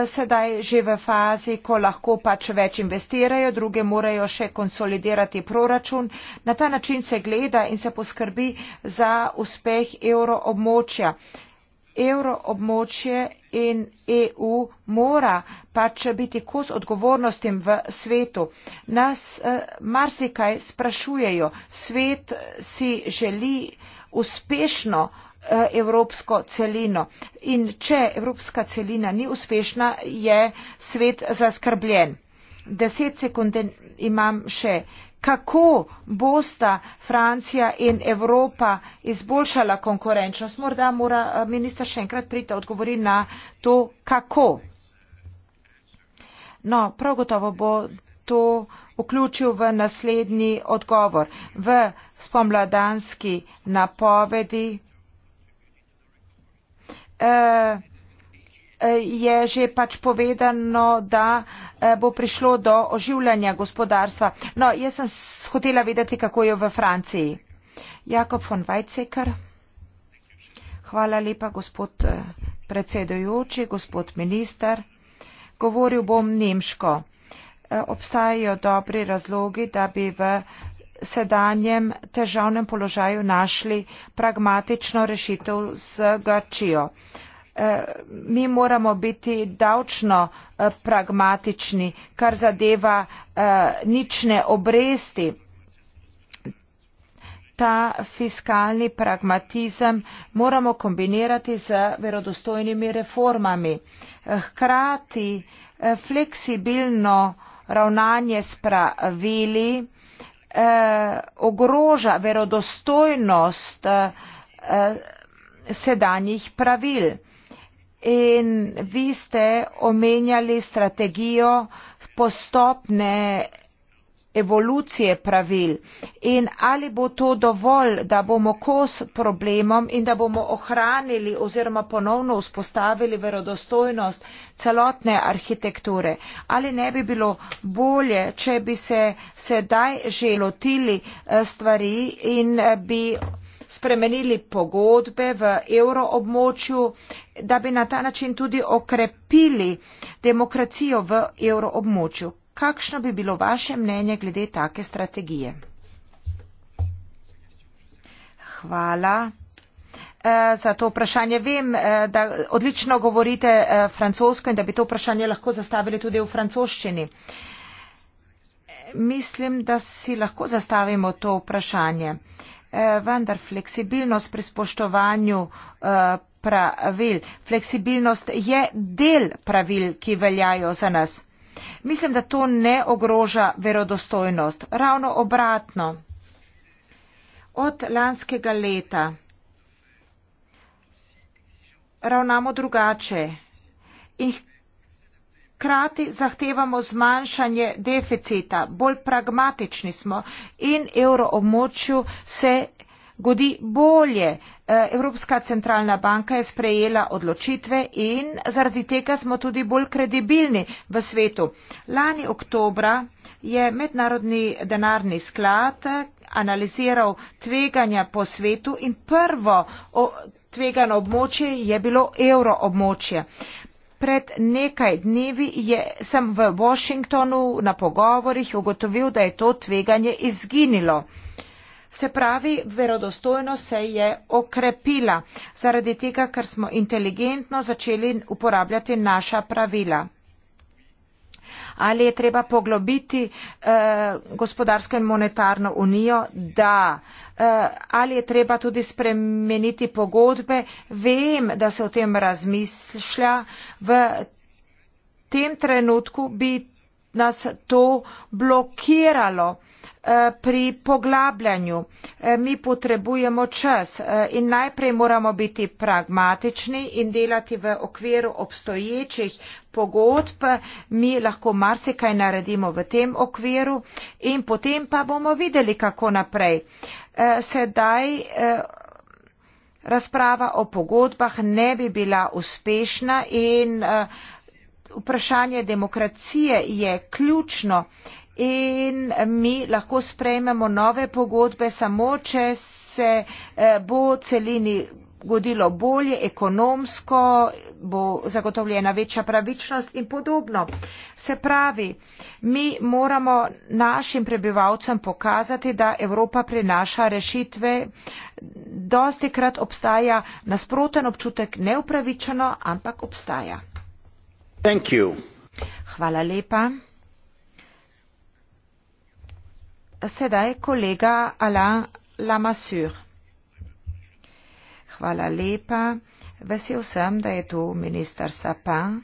sedaj že v fazi, ko lahko pač več investirajo, druge morajo še konsolidirati proračun. Na ta način se gleda in se poskrbi za uspeh evroobmočja. območja evroobmočje in EU mora pač biti kos odgovornostim v svetu. Nas eh, marsikaj sprašujejo. Svet si želi uspešno eh, evropsko celino. In če evropska celina ni uspešna, je svet zaskrbljen. Deset sekund imam še kako bosta Francija in Evropa izboljšala konkurenčnost. Morda mora eh, ministr še enkrat priti odgovori na to, kako. No, prav gotovo bo to vključil v naslednji odgovor. V spomladanski napovedi. Uh, je že pač povedano, da eh, bo prišlo do oživljanja gospodarstva. No, jaz sem hotela vedeti, kako je v Franciji. Jakob von Weizsäcker. Hvala lepa, gospod eh, predsedujoči, gospod minister. Govoril bom nemško. Eh, obstajajo dobri razlogi, da bi v sedanjem težavnem položaju našli pragmatično rešitev z Grčijo. Eh, mi moramo biti davčno eh, pragmatični, kar zadeva eh, nične obresti. Ta fiskalni pragmatizem moramo kombinirati z verodostojnimi reformami. Hkrati fleksibilno ravnanje s pravili ogroža verodostojnost sedanjih pravil in vi ste omenjali strategijo postopne evolucije pravil in ali bo to dovolj, da bomo kos problemom in da bomo ohranili oziroma ponovno vzpostavili verodostojnost celotne arhitekture. Ali ne bi bilo bolje, če bi se sedaj že lotili eh, stvari in eh, bi spremenili pogodbe v evroobmočju, da bi na ta način tudi okrepili demokracijo v evroobmočju. Kakšno bi bilo vaše mnenje glede take strategije? Hvala. Eh, za to vprašanje vem, eh, da odlično govorite eh, francosko in da bi to vprašanje lahko zastavili tudi v francoščini. Mislim, da si lahko zastavimo to vprašanje. Eh, vendar fleksibilnost pri spoštovanju eh, pravil. Fleksibilnost je del pravil, ki veljajo za nas. Mislim, da to ne ogroža verodostojnost. Ravno obratno. Od lanskega leta ravnamo drugače. In hkrati zahtevamo zmanjšanje deficita, bolj pragmatični smo in evroobmočju se godi bolje. E, Evropska centralna banka je sprejela odločitve in zaradi tega smo tudi bolj kredibilni v svetu. Lani oktobra je Mednarodni denarni sklad analiziral tveganja po svetu in prvo tvegano območje je bilo evroobmočje pred nekaj dnevi je, sem v Washingtonu na pogovorih ugotovil, da je to tveganje izginilo. Se pravi, verodostojno se je okrepila zaradi tega, ker smo inteligentno začeli uporabljati naša pravila. Ali je treba poglobiti eh, gospodarsko in monetarno unijo, da eh, Eh, ali je treba tudi spremeniti pogodbe. Vem, da se o tem razmišlja. V tem trenutku bi nas to blokiralo eh, pri poglabljanju. Eh, mi potrebujemo čas in najprej moramo biti pragmatični in delati v okviru obstoječih pogodb. Mi lahko marsikaj naredimo v tem okviru in potem pa bomo videli, kako naprej. Eh, sedaj eh, razprava o pogodbah ne bi bila uspešna in eh, vprašanje demokracije je ključno in mi lahko sprejmemo nove pogodbe samo, če se bo celini godilo bolje, ekonomsko bo zagotovljena večja pravičnost in podobno. Se pravi, mi moramo našim prebivalcem pokazati, da Evropa prinaša rešitve. Dosti krat obstaja nasproten občutek neupravičeno, ampak obstaja. Hvala lepa. Sedaj kolega Alain Lamassure. Hvala lepa. Vesel sem, da je tu minister Sapin.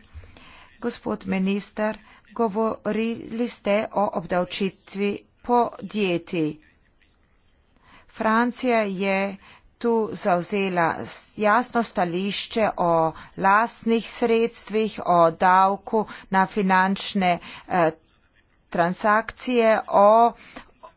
Gospod minister, govorili ste o obdavčitvi podjetij. Francija je tu zauzela jasno stališče o lastnih sredstvih, o davku na finančne eh, transakcije, o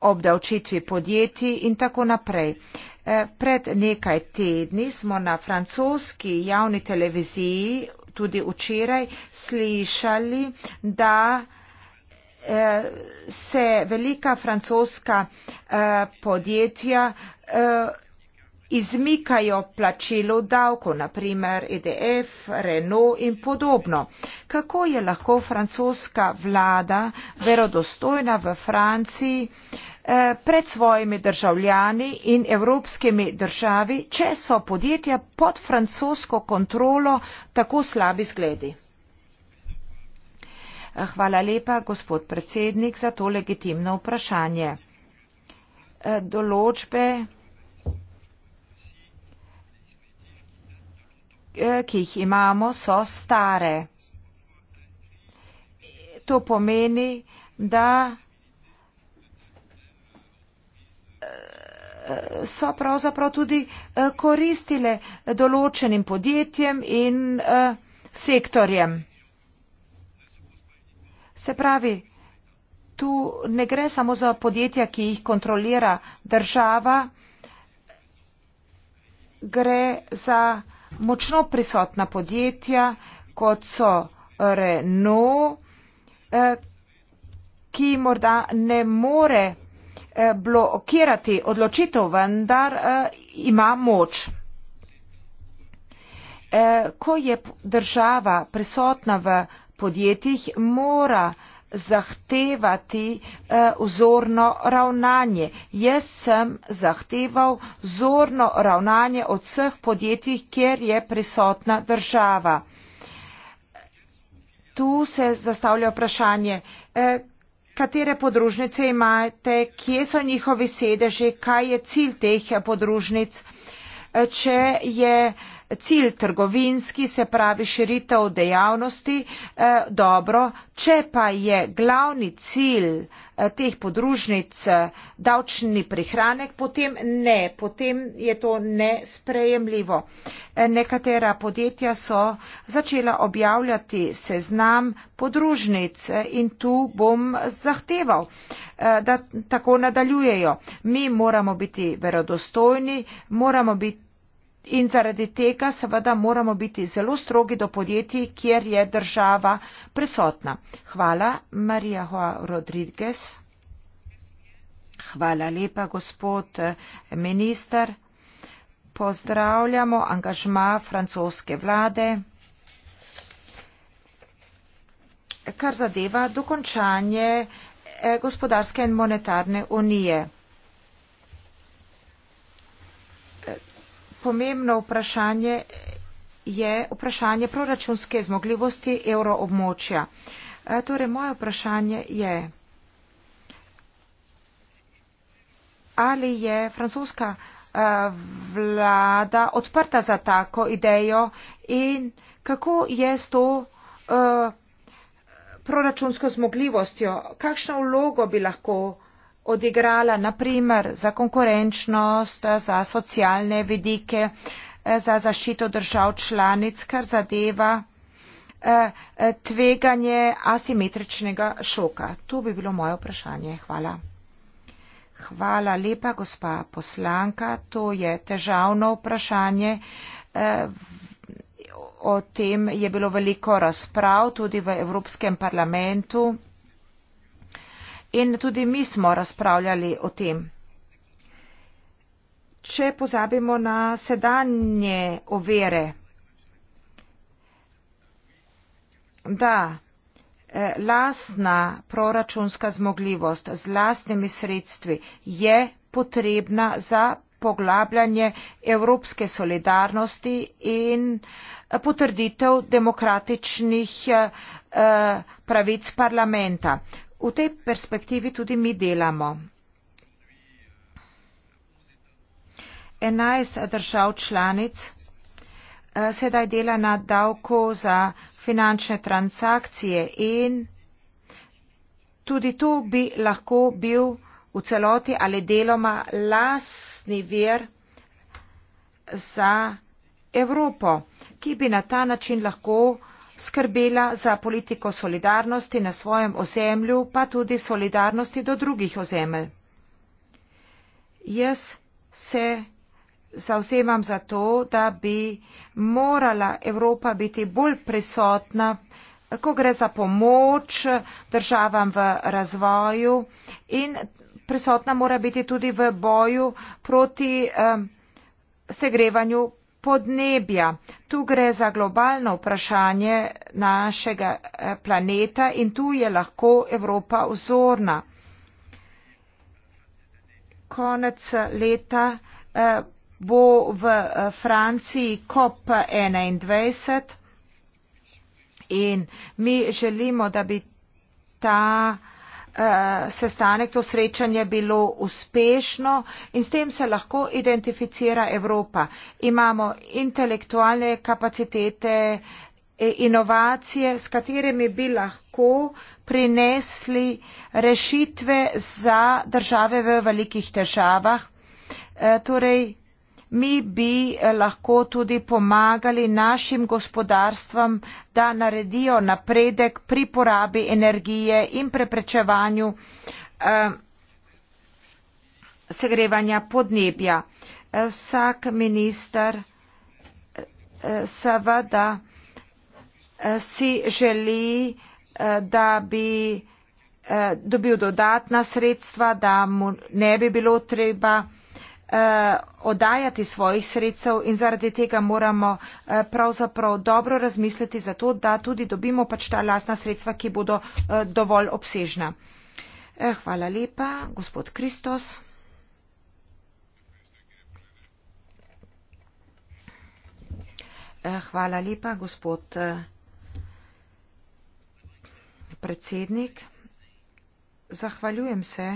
obdavčitvi podjetij in tako naprej. Eh, Eh, pred nekaj tedni smo na francoski javni televiziji tudi včeraj slišali, da eh, se velika francoska eh, podjetja izmikajo plačilu davkov, naprimer EDF, Renault in podobno. Kako je lahko francoska vlada verodostojna v Franciji? Eh, pred svojimi državljani in evropskimi državi, če so podjetja pod francosko kontrolo tako slabi zgledi. Eh, hvala lepa, gospod predsednik, za to legitimno vprašanje. Eh, določbe, ki jih imamo, so stare. To pomeni, da so pravzaprav tudi eh, koristile določenim podjetjem in eh, sektorjem. Se pravi, tu ne gre samo za podjetja, ki jih kontrolira država, gre za močno prisotna podjetja, kot so Renault, eh, ki morda ne more Eh, blokirati odločitev, vendar eh, ima moč. Eh, ko je država prisotna v podjetjih, mora zahtevati vzorno ravnanje. Jaz sem zahteval vzorno ravnanje od vseh podjetij, kjer je prisotna država. Tu se zastavlja vprašanje, Katere podružnice imate, kje so njihovi sedeži, kaj je cilj teh podružnic, če je cilj trgovinski, se pravi širitev dejavnosti, eh, dobro, če pa je glavni cilj eh, teh podružnic eh, davčni prihranek, potem ne, potem je to nesprejemljivo. Nekatera podjetja so začela objavljati seznam podružnic in tu bom zahteval, da tako nadaljujejo. Mi moramo biti verodostojni, moramo biti In zaradi tega seveda moramo biti zelo strogi do podjetij, kjer je država prisotna. Hvala, Marija Hoa Rodriguez. Hvala lepa, gospod eh, minister. Pozdravljamo angažma francoske vlade. Kar zadeva dokončanje eh, gospodarske in monetarne unije. pomembno vprašanje je vprašanje proračunske zmogljivosti evroobmočja. E, torej, moje vprašanje je, ali je francoska e, vlada odprta za tako idejo in kako je s to uh, proračunsko zmogljivostjo, kakšno vlogo bi lahko uh, odigrala naprimer za konkurenčnost, za socialne vidike, eh, za zaščito držav članic, kar zadeva eh, eh, tveganje asimetričnega šoka. To bi bilo moje vprašanje. Hvala. Hvala lepa, gospa poslanka. To je težavno vprašanje. O tem je bilo veliko razprav tudi v Evropskem parlamentu in tudi mi smo razpravljali o tem. Če pozabimo na sedanje overe, da eh, lastna proračunska zmogljivost z lastnimi sredstvi je potrebna za poglabljanje evropske solidarnosti in eh, potrditev demokratičnih eh, pravic parlamenta. V tej perspektivi tudi mi delamo. Enajst držav članic eh, sedaj dela na davko za finančne transakcije in tudi to bi lahko bil v celoti ali deloma lasni vir za Evropo, ki bi na ta način lahko skrbela za politiko solidarnosti na svojem ozemlju, pa tudi solidarnosti do drugih ozemelj. Jaz se zauzemam za to, da bi morala Evropa biti bolj prisotna, ko gre za pomoč državam v razvoju in prisotna mora biti tudi v boju proti eh, segrevanju podnebja. Tu gre za globalno vprašanje našega eh, planeta in tu je lahko Evropa vzorna. Konec leta eh, bo v eh, Franciji COP21 in mi želimo, da bi ta Eh, sestanek, to srečanje bilo uspešno in s tem se lahko identificira Evropa. Imamo intelektualne kapacitete, eh, inovacije, s katerimi bi lahko prinesli rešitve za države v velikih težavah. Eh, torej, mi bi eh, lahko tudi pomagali našim gospodarstvom, da naredijo napredek pri porabi energije in preprečevanju eh, segrevanja podnebja. Eh, vsak minister eh, seveda eh, si želi, eh, da bi eh, dobil dodatna sredstva, da mu ne bi bilo treba Eh, oddajati svojih sredstev in zaradi tega moramo eh, pravzaprav dobro razmisliti za to, da tudi dobimo pač ta lasna sredstva, ki bodo eh, dovolj obsežna. Hvala lepa, gospod Kristos. Hvala lepa, gospod predsednik. Zahvaljujem se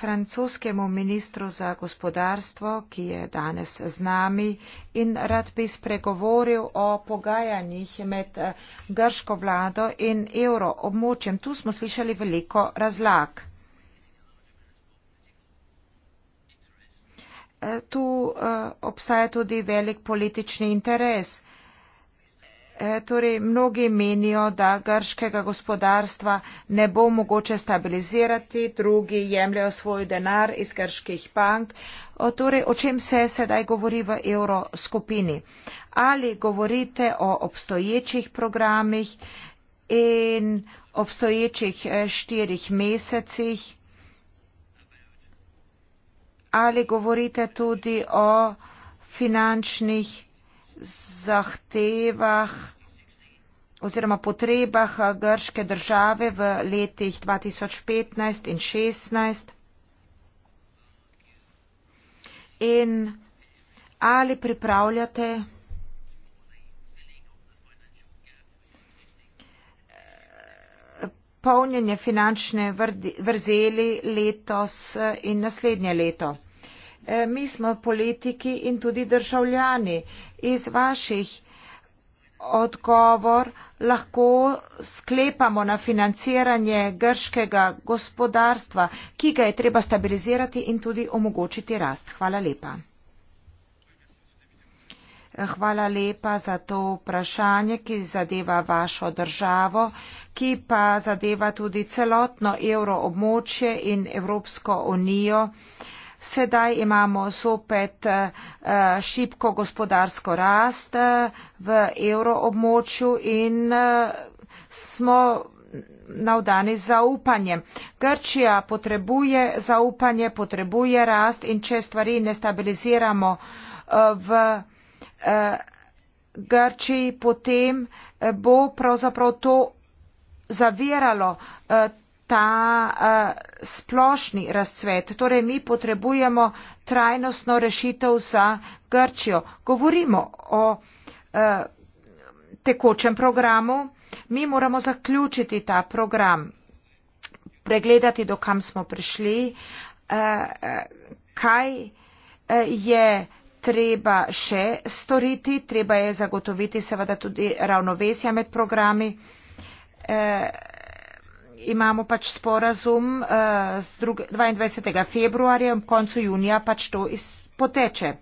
francoskemu ministru za gospodarstvo, ki je danes z nami in rad bi spregovoril o pogajanjih med eh, grško vlado in euroobmočjem. Tu smo slišali veliko razlag. Eh, tu uh, obstaja tudi velik politični interes. Uh, E, torej mnogi menijo, da grškega gospodarstva ne bo mogoče stabilizirati, drugi jemljajo svoj denar iz grških bank. Torej, o čem se sedaj govori v evroskupini? Ali govorite o obstoječih programih in obstoječih e, štirih mesecih? Ali govorite tudi o finančnih programih? zahtevah oziroma potrebah eh, grške države v letih 2015 in 2016 in ali pripravljate eh, polnjenje finančne vrzeli letos eh, in naslednje leto. Eh, mi smo politiki in tudi državljani. Iz vaših odgovor lahko sklepamo na financiranje grškega gospodarstva, ki ga je treba stabilizirati in tudi omogočiti rast. Hvala lepa. Eh, hvala lepa za to vprašanje, ki zadeva vašo državo, ki pa zadeva tudi celotno evroobmočje in Evropsko unijo. Eh, Sedaj imamo zopet eh, šibko gospodarsko rast eh, v euroobmočju in eh, smo navdani z zaupanjem. Grčija potrebuje zaupanje, potrebuje rast in če stvari ne stabiliziramo v Grčiji, potem bo pravzaprav to zaviralo ta uh, splošni razcvet. Torej, mi potrebujemo trajnostno rešitev za Grčijo. Govorimo o uh, tekočem programu, mi moramo zaključiti ta program, pregledati, do kam smo prišli, uh, kaj uh, je treba še storiti, treba je zagotoviti seveda tudi ravnovesja med programi. Uh, imamo pač sporazum eh, z 22. februarja, koncu junija pač to poteče.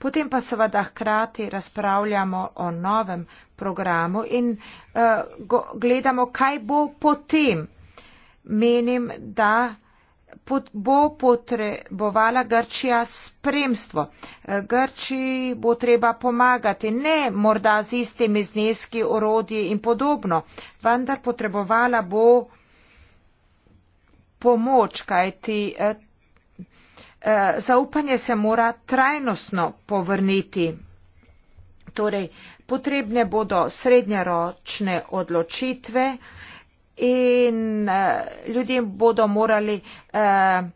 Potem pa seveda hkrati razpravljamo o novem programu in eh, gledamo, kaj bo potem. Menim, da pot, bo potrebovala Grčija spremstvo. Eh, Grčiji bo treba pomagati, ne morda z istimi zneski, orodji in podobno, vendar potrebovala bo pomoč, kajti eh, eh, zaupanje se mora trajnostno povrniti. Torej, potrebne bodo srednjeročne odločitve, in uh, ljudje bodo morali uh,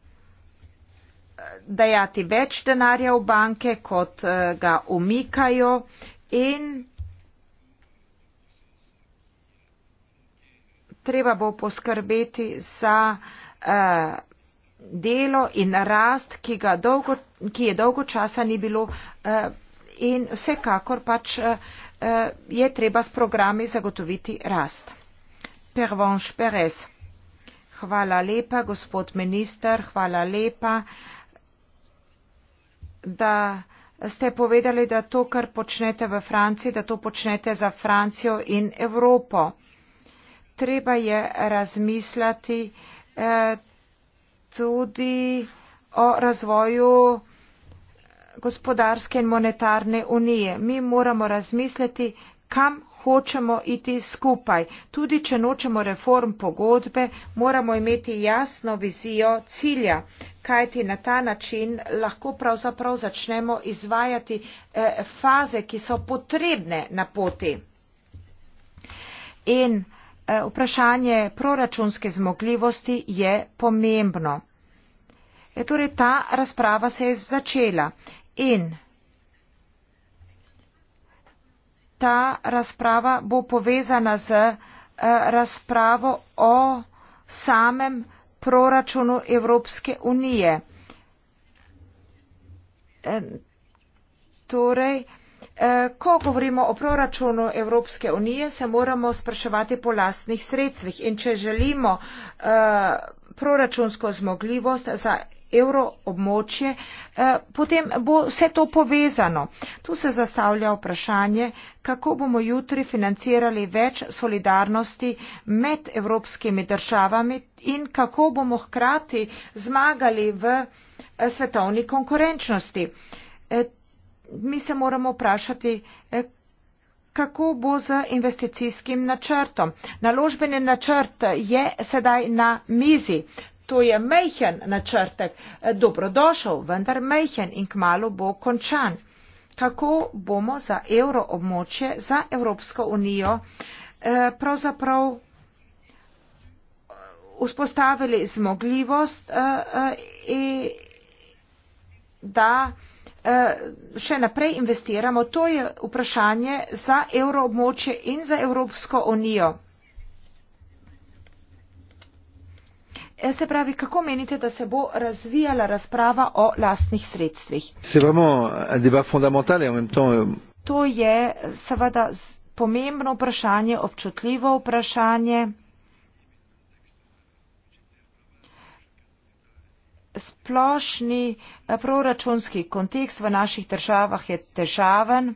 dajati več denarja v banke, kot uh, ga umikajo in treba bo poskrbeti za uh, delo in rast, ki, dolgo, ki je dolgo časa ni bilo uh, in vsekakor pač uh, je treba s programi zagotoviti rast. Pervonš Perez. Hvala lepa, gospod minister, hvala lepa, da ste povedali, da to, kar počnete v Franciji, da to počnete za Francijo in Evropo. Treba je razmisliti eh, tudi o razvoju gospodarske in monetarne unije. Mi moramo razmisliti, kam hočemo iti skupaj. Tudi, če nočemo reform pogodbe, moramo imeti jasno vizijo cilja, kajti na ta način lahko pravzaprav začnemo izvajati eh, faze, ki so potrebne na poti. In eh, vprašanje proračunske zmogljivosti je pomembno. E, torej, ta razprava se je začela. In ta razprava bo povezana z eh, razpravo o samem proračunu Evropske unije. Eh, torej, eh, ko govorimo o proračunu Evropske unije, se moramo spraševati po lastnih sredstvih in če želimo proračunsko zmogljivost za evroobmočje, eh, potem bo vse to povezano. Tu se zastavlja vprašanje, kako bomo jutri financirali več solidarnosti med evropskimi državami in kako bomo hkrati zmagali v eh, svetovni konkurenčnosti. Eh, mi se moramo vprašati, kako bo z investicijskim načrtom. Naložbeni načrt je sedaj na mizi. To je mejhen načrtek, dobrodošel, vendar mejhen in kmalo bo končan. Kako bomo za evro območje, za Evropsko unijo eh, pravzaprav eh, vzpostavili zmogljivost, eh, da še naprej investiramo, to je vprašanje za evro območje in za Evropsko unijo. Eh, se pravi, kako menite, da se bo razvijala razprava o lastnih sredstvih? Euh, to je seveda pomembno vprašanje, občutljivo vprašanje. Splošni eh, proračunski kontekst v naših državah je težaven.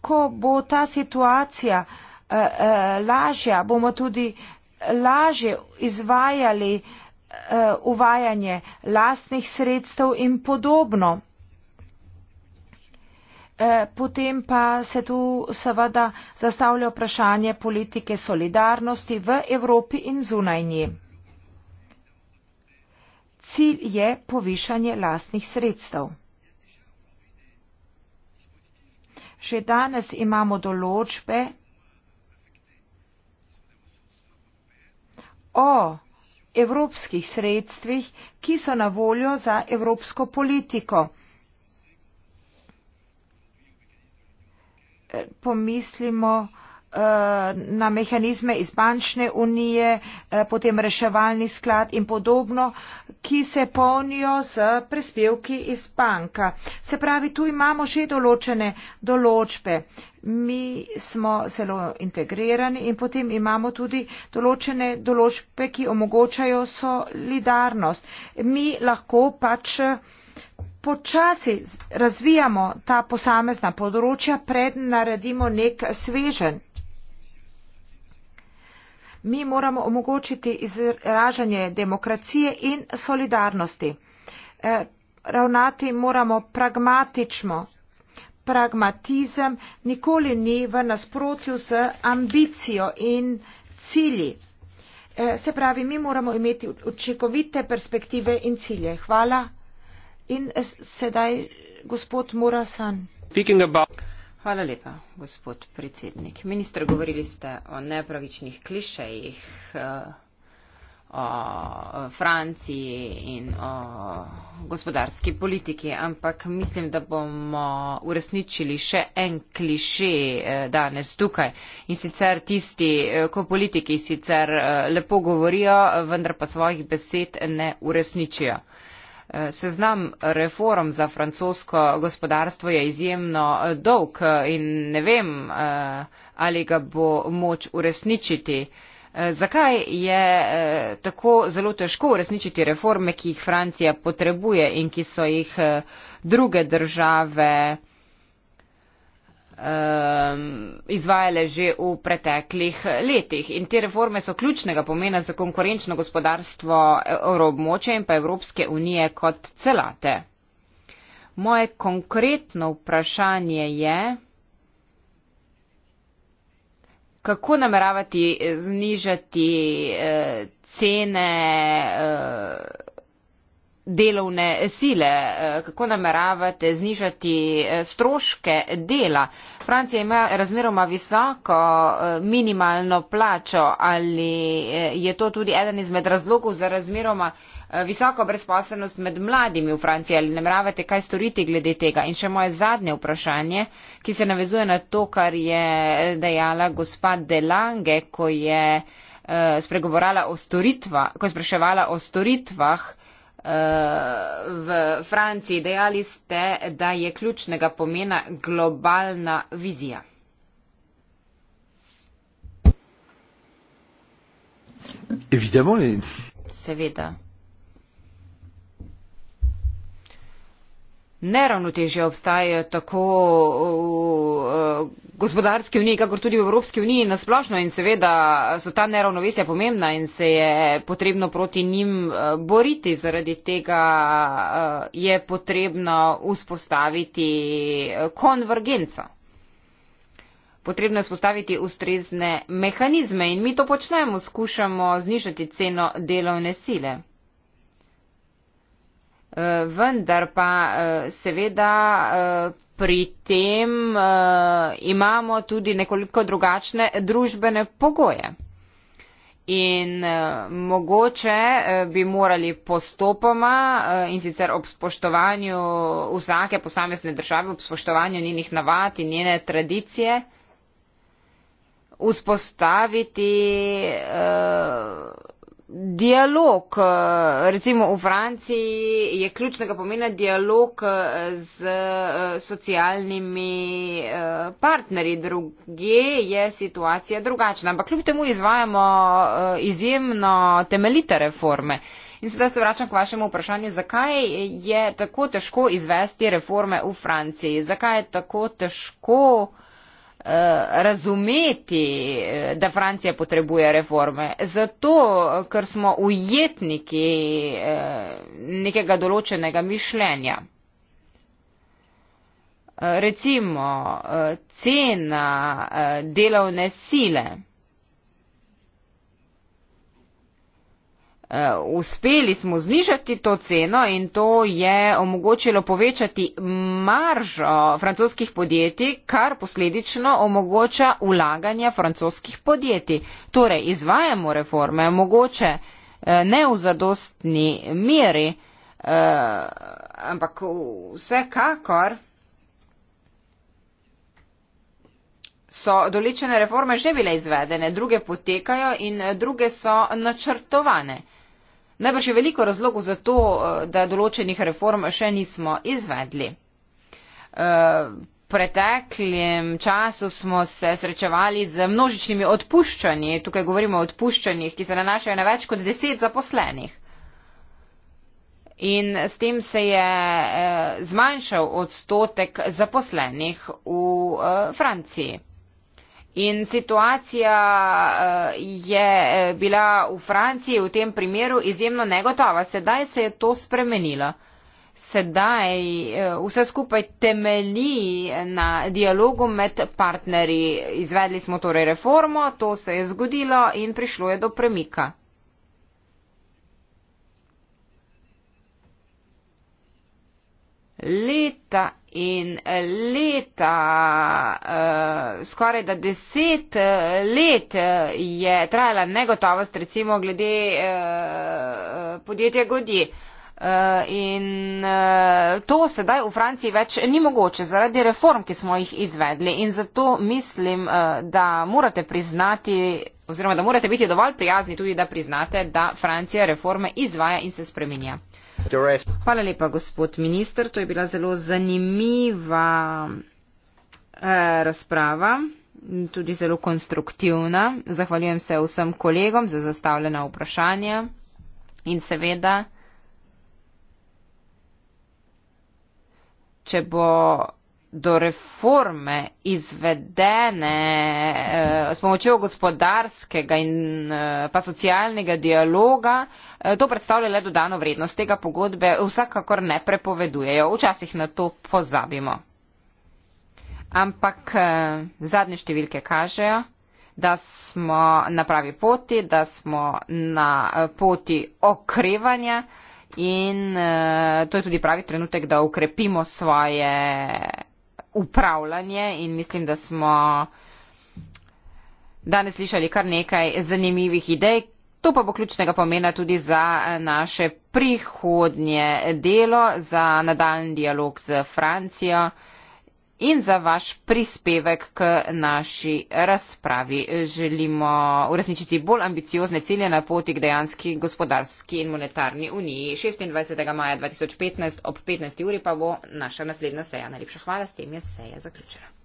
Ko bo ta situacija Eh, eh, lažja, bomo tudi lažje izvajali eh, uvajanje lastnih sredstev in podobno. Potem pa se tu seveda zastavlja vprašanje politike solidarnosti v Evropi in zunajnji. Cilj je povišanje lastnih sredstev. Že danes imamo določbe, o evropskih sredstvih, ki so na voljo za evropsko politiko. E, pomislimo, na mehanizme iz bančne unije, eh, potem reševalni sklad in podobno, ki se polnijo z prispevki iz banka. Se pravi, tu imamo že določene določbe. Mi smo zelo integrirani in potem imamo tudi določene določbe, ki omogočajo solidarnost. Mi lahko pač eh, počasi razvijamo ta posamezna področja, pred naredimo nek svežen mi moramo omogočiti izražanje demokracije in solidarnosti. Eh, ravnati moramo pragmatično. Pragmatizem nikoli ni v nasprotju z ambicijo in cilji. Eh, se pravi, mi moramo imeti učinkovite perspektive in cilje. Hvala. In sedaj gospod Murasan. Hvala lepa, gospod predsednik. Ministr, govorili ste o nepravičnih klišejih, eh, o Franciji in o gospodarski politiki, ampak mislim, da bomo uresničili še en kliše eh, danes tukaj. In sicer tisti, eh, ko politiki sicer lepo govorijo, vendar pa svojih besed ne uresničijo. Seznam reform za francosko gospodarstvo je izjemno eh, dolg eh, in ne vem, eh, ali ga bo moč uresničiti. Zakaj je tako zelo težko uresničiti reforme, ki jih Francija potrebuje in ki so jih druge države Um, izvajale že v preteklih letih. In te reforme so ključnega pomena za konkurenčno gospodarstvo e, evroobmoče in pa Evropske unije kot celate. Moje konkretno vprašanje je, kako nameravati e, znižati e, cene delovne sile, eh, kako nameravate znižati eh, stroške dela. Francija ima razmeroma visoko eh, minimalno plačo ali je to tudi eden izmed razlogov za razmeroma visoko brezposobnost med mladimi v Franciji ali nameravate kaj storiti glede tega. In še moje zadnje vprašanje, ki se navezuje na to, kar je dejala gospod Delange, ko je spregovorala o storitvah, ko je spraševala o storitvah, Eh, v Franciji. Dejali ste, da je ključnega pomena globalna vizija. Seveda. neravnotežja obstajajo tako v eh, gospodarski uniji, kakor tudi v Evropski uniji nasplošno in seveda so ta neravnovesja pomembna in se je potrebno proti njim eh, boriti. Zaradi tega eh, je potrebno vzpostaviti konvergenco. Potrebno je spostaviti ustrezne mehanizme in mi to počnemo, skušamo znižati ceno delovne sile. Eh, vendar pa eh, seveda eh, pri tem imamo tudi nekoliko drugačne družbene pogoje. In mogoče bi morali postopoma in sicer ob spoštovanju vsake posamezne države, ob spoštovanju njenih navad in njene tradicije, vzpostaviti dialog, eh, recimo v Franciji je ključnega pomena dialog eh, z eh, socialnimi partnerji, druge je situacija drugačna. Ampak kljub temu izvajamo izjemno temeljite reforme. In sedaj se vračam k vašemu vprašanju, zakaj je tako težko izvesti reforme v Franciji? Zakaj je tako težko? Eh, razumeti, eh, da Francija potrebuje reforme. Zato, ker smo ujetniki eh, nekega določenega mišljenja. Recimo, cena delovne sile. Eh, uspeli smo znižati to ceno in to je omogočilo povečati maržo francoskih podjetij, kar posledično omogoča ulaganja francoskih podjetij. Torej, izvajamo reforme, mogoče eh, ne v zadostni meri, eh, ampak vsekakor so določene reforme že bile izvedene, druge potekajo in druge so načrtovane. Najbrž je veliko razlogov za to, eh, da določenih reform še nismo izvedli. Eh, v preteklem času smo se srečevali z množičnimi odpuščanji, tukaj govorimo o odpuščanjih, ki se nanašajo na več kot deset zaposlenih. In s tem se je eh, zmanjšal odstotek zaposlenih v Franciji. In situacija eh, je eh, bila v Franciji v tem primeru izjemno negotova. Sedaj se je to spremenilo. Sedaj eh, vse skupaj temelji na dialogu med partnerji. Izvedli smo torej reformo, to se je zgodilo in prišlo je do premika. Leta In eh, leta, eh, skoraj da deset eh, let je trajala negotovost, recimo, glede podjetja Godi. In to sedaj v Franciji več ni mogoče zaradi reform, ki smo jih izvedli. In zato mislim, da morate priznati, oziroma da morate biti dovolj prijazni tudi, da priznate, da Francija reforme izvaja in se spreminja. Hvala lepa, gospod minister. To je bila zelo zanimiva eh, razprava, tudi zelo konstruktivna. Zahvaljujem se vsem kolegom za zastavljena vprašanja in seveda, če bo do reforme izvedene eh, s pomočjo gospodarskega in eh, pa socialnega dialoga, eh, to predstavlja le dodano vrednost tega pogodbe, vsakakor ne prepovedujejo, včasih na to pozabimo. Ampak zadnje številke kažejo, da smo na pravi poti, da smo na poti okrevanja in to je tudi pravi trenutek, da ukrepimo svoje upravljanje in mislim, da smo danes slišali kar nekaj zanimivih idej. To pa bo ključnega pomena tudi za naše prihodnje delo, za nadaljni dialog z Francijo in za vaš prispevek k naši razpravi. Želimo uresničiti bolj ambiciozne cilje na poti k dejanski gospodarski in monetarni uniji. 26. maja 2015 ob 15. uri pa bo naša naslednja seja. Najlepša hvala, s tem je seja zaključena.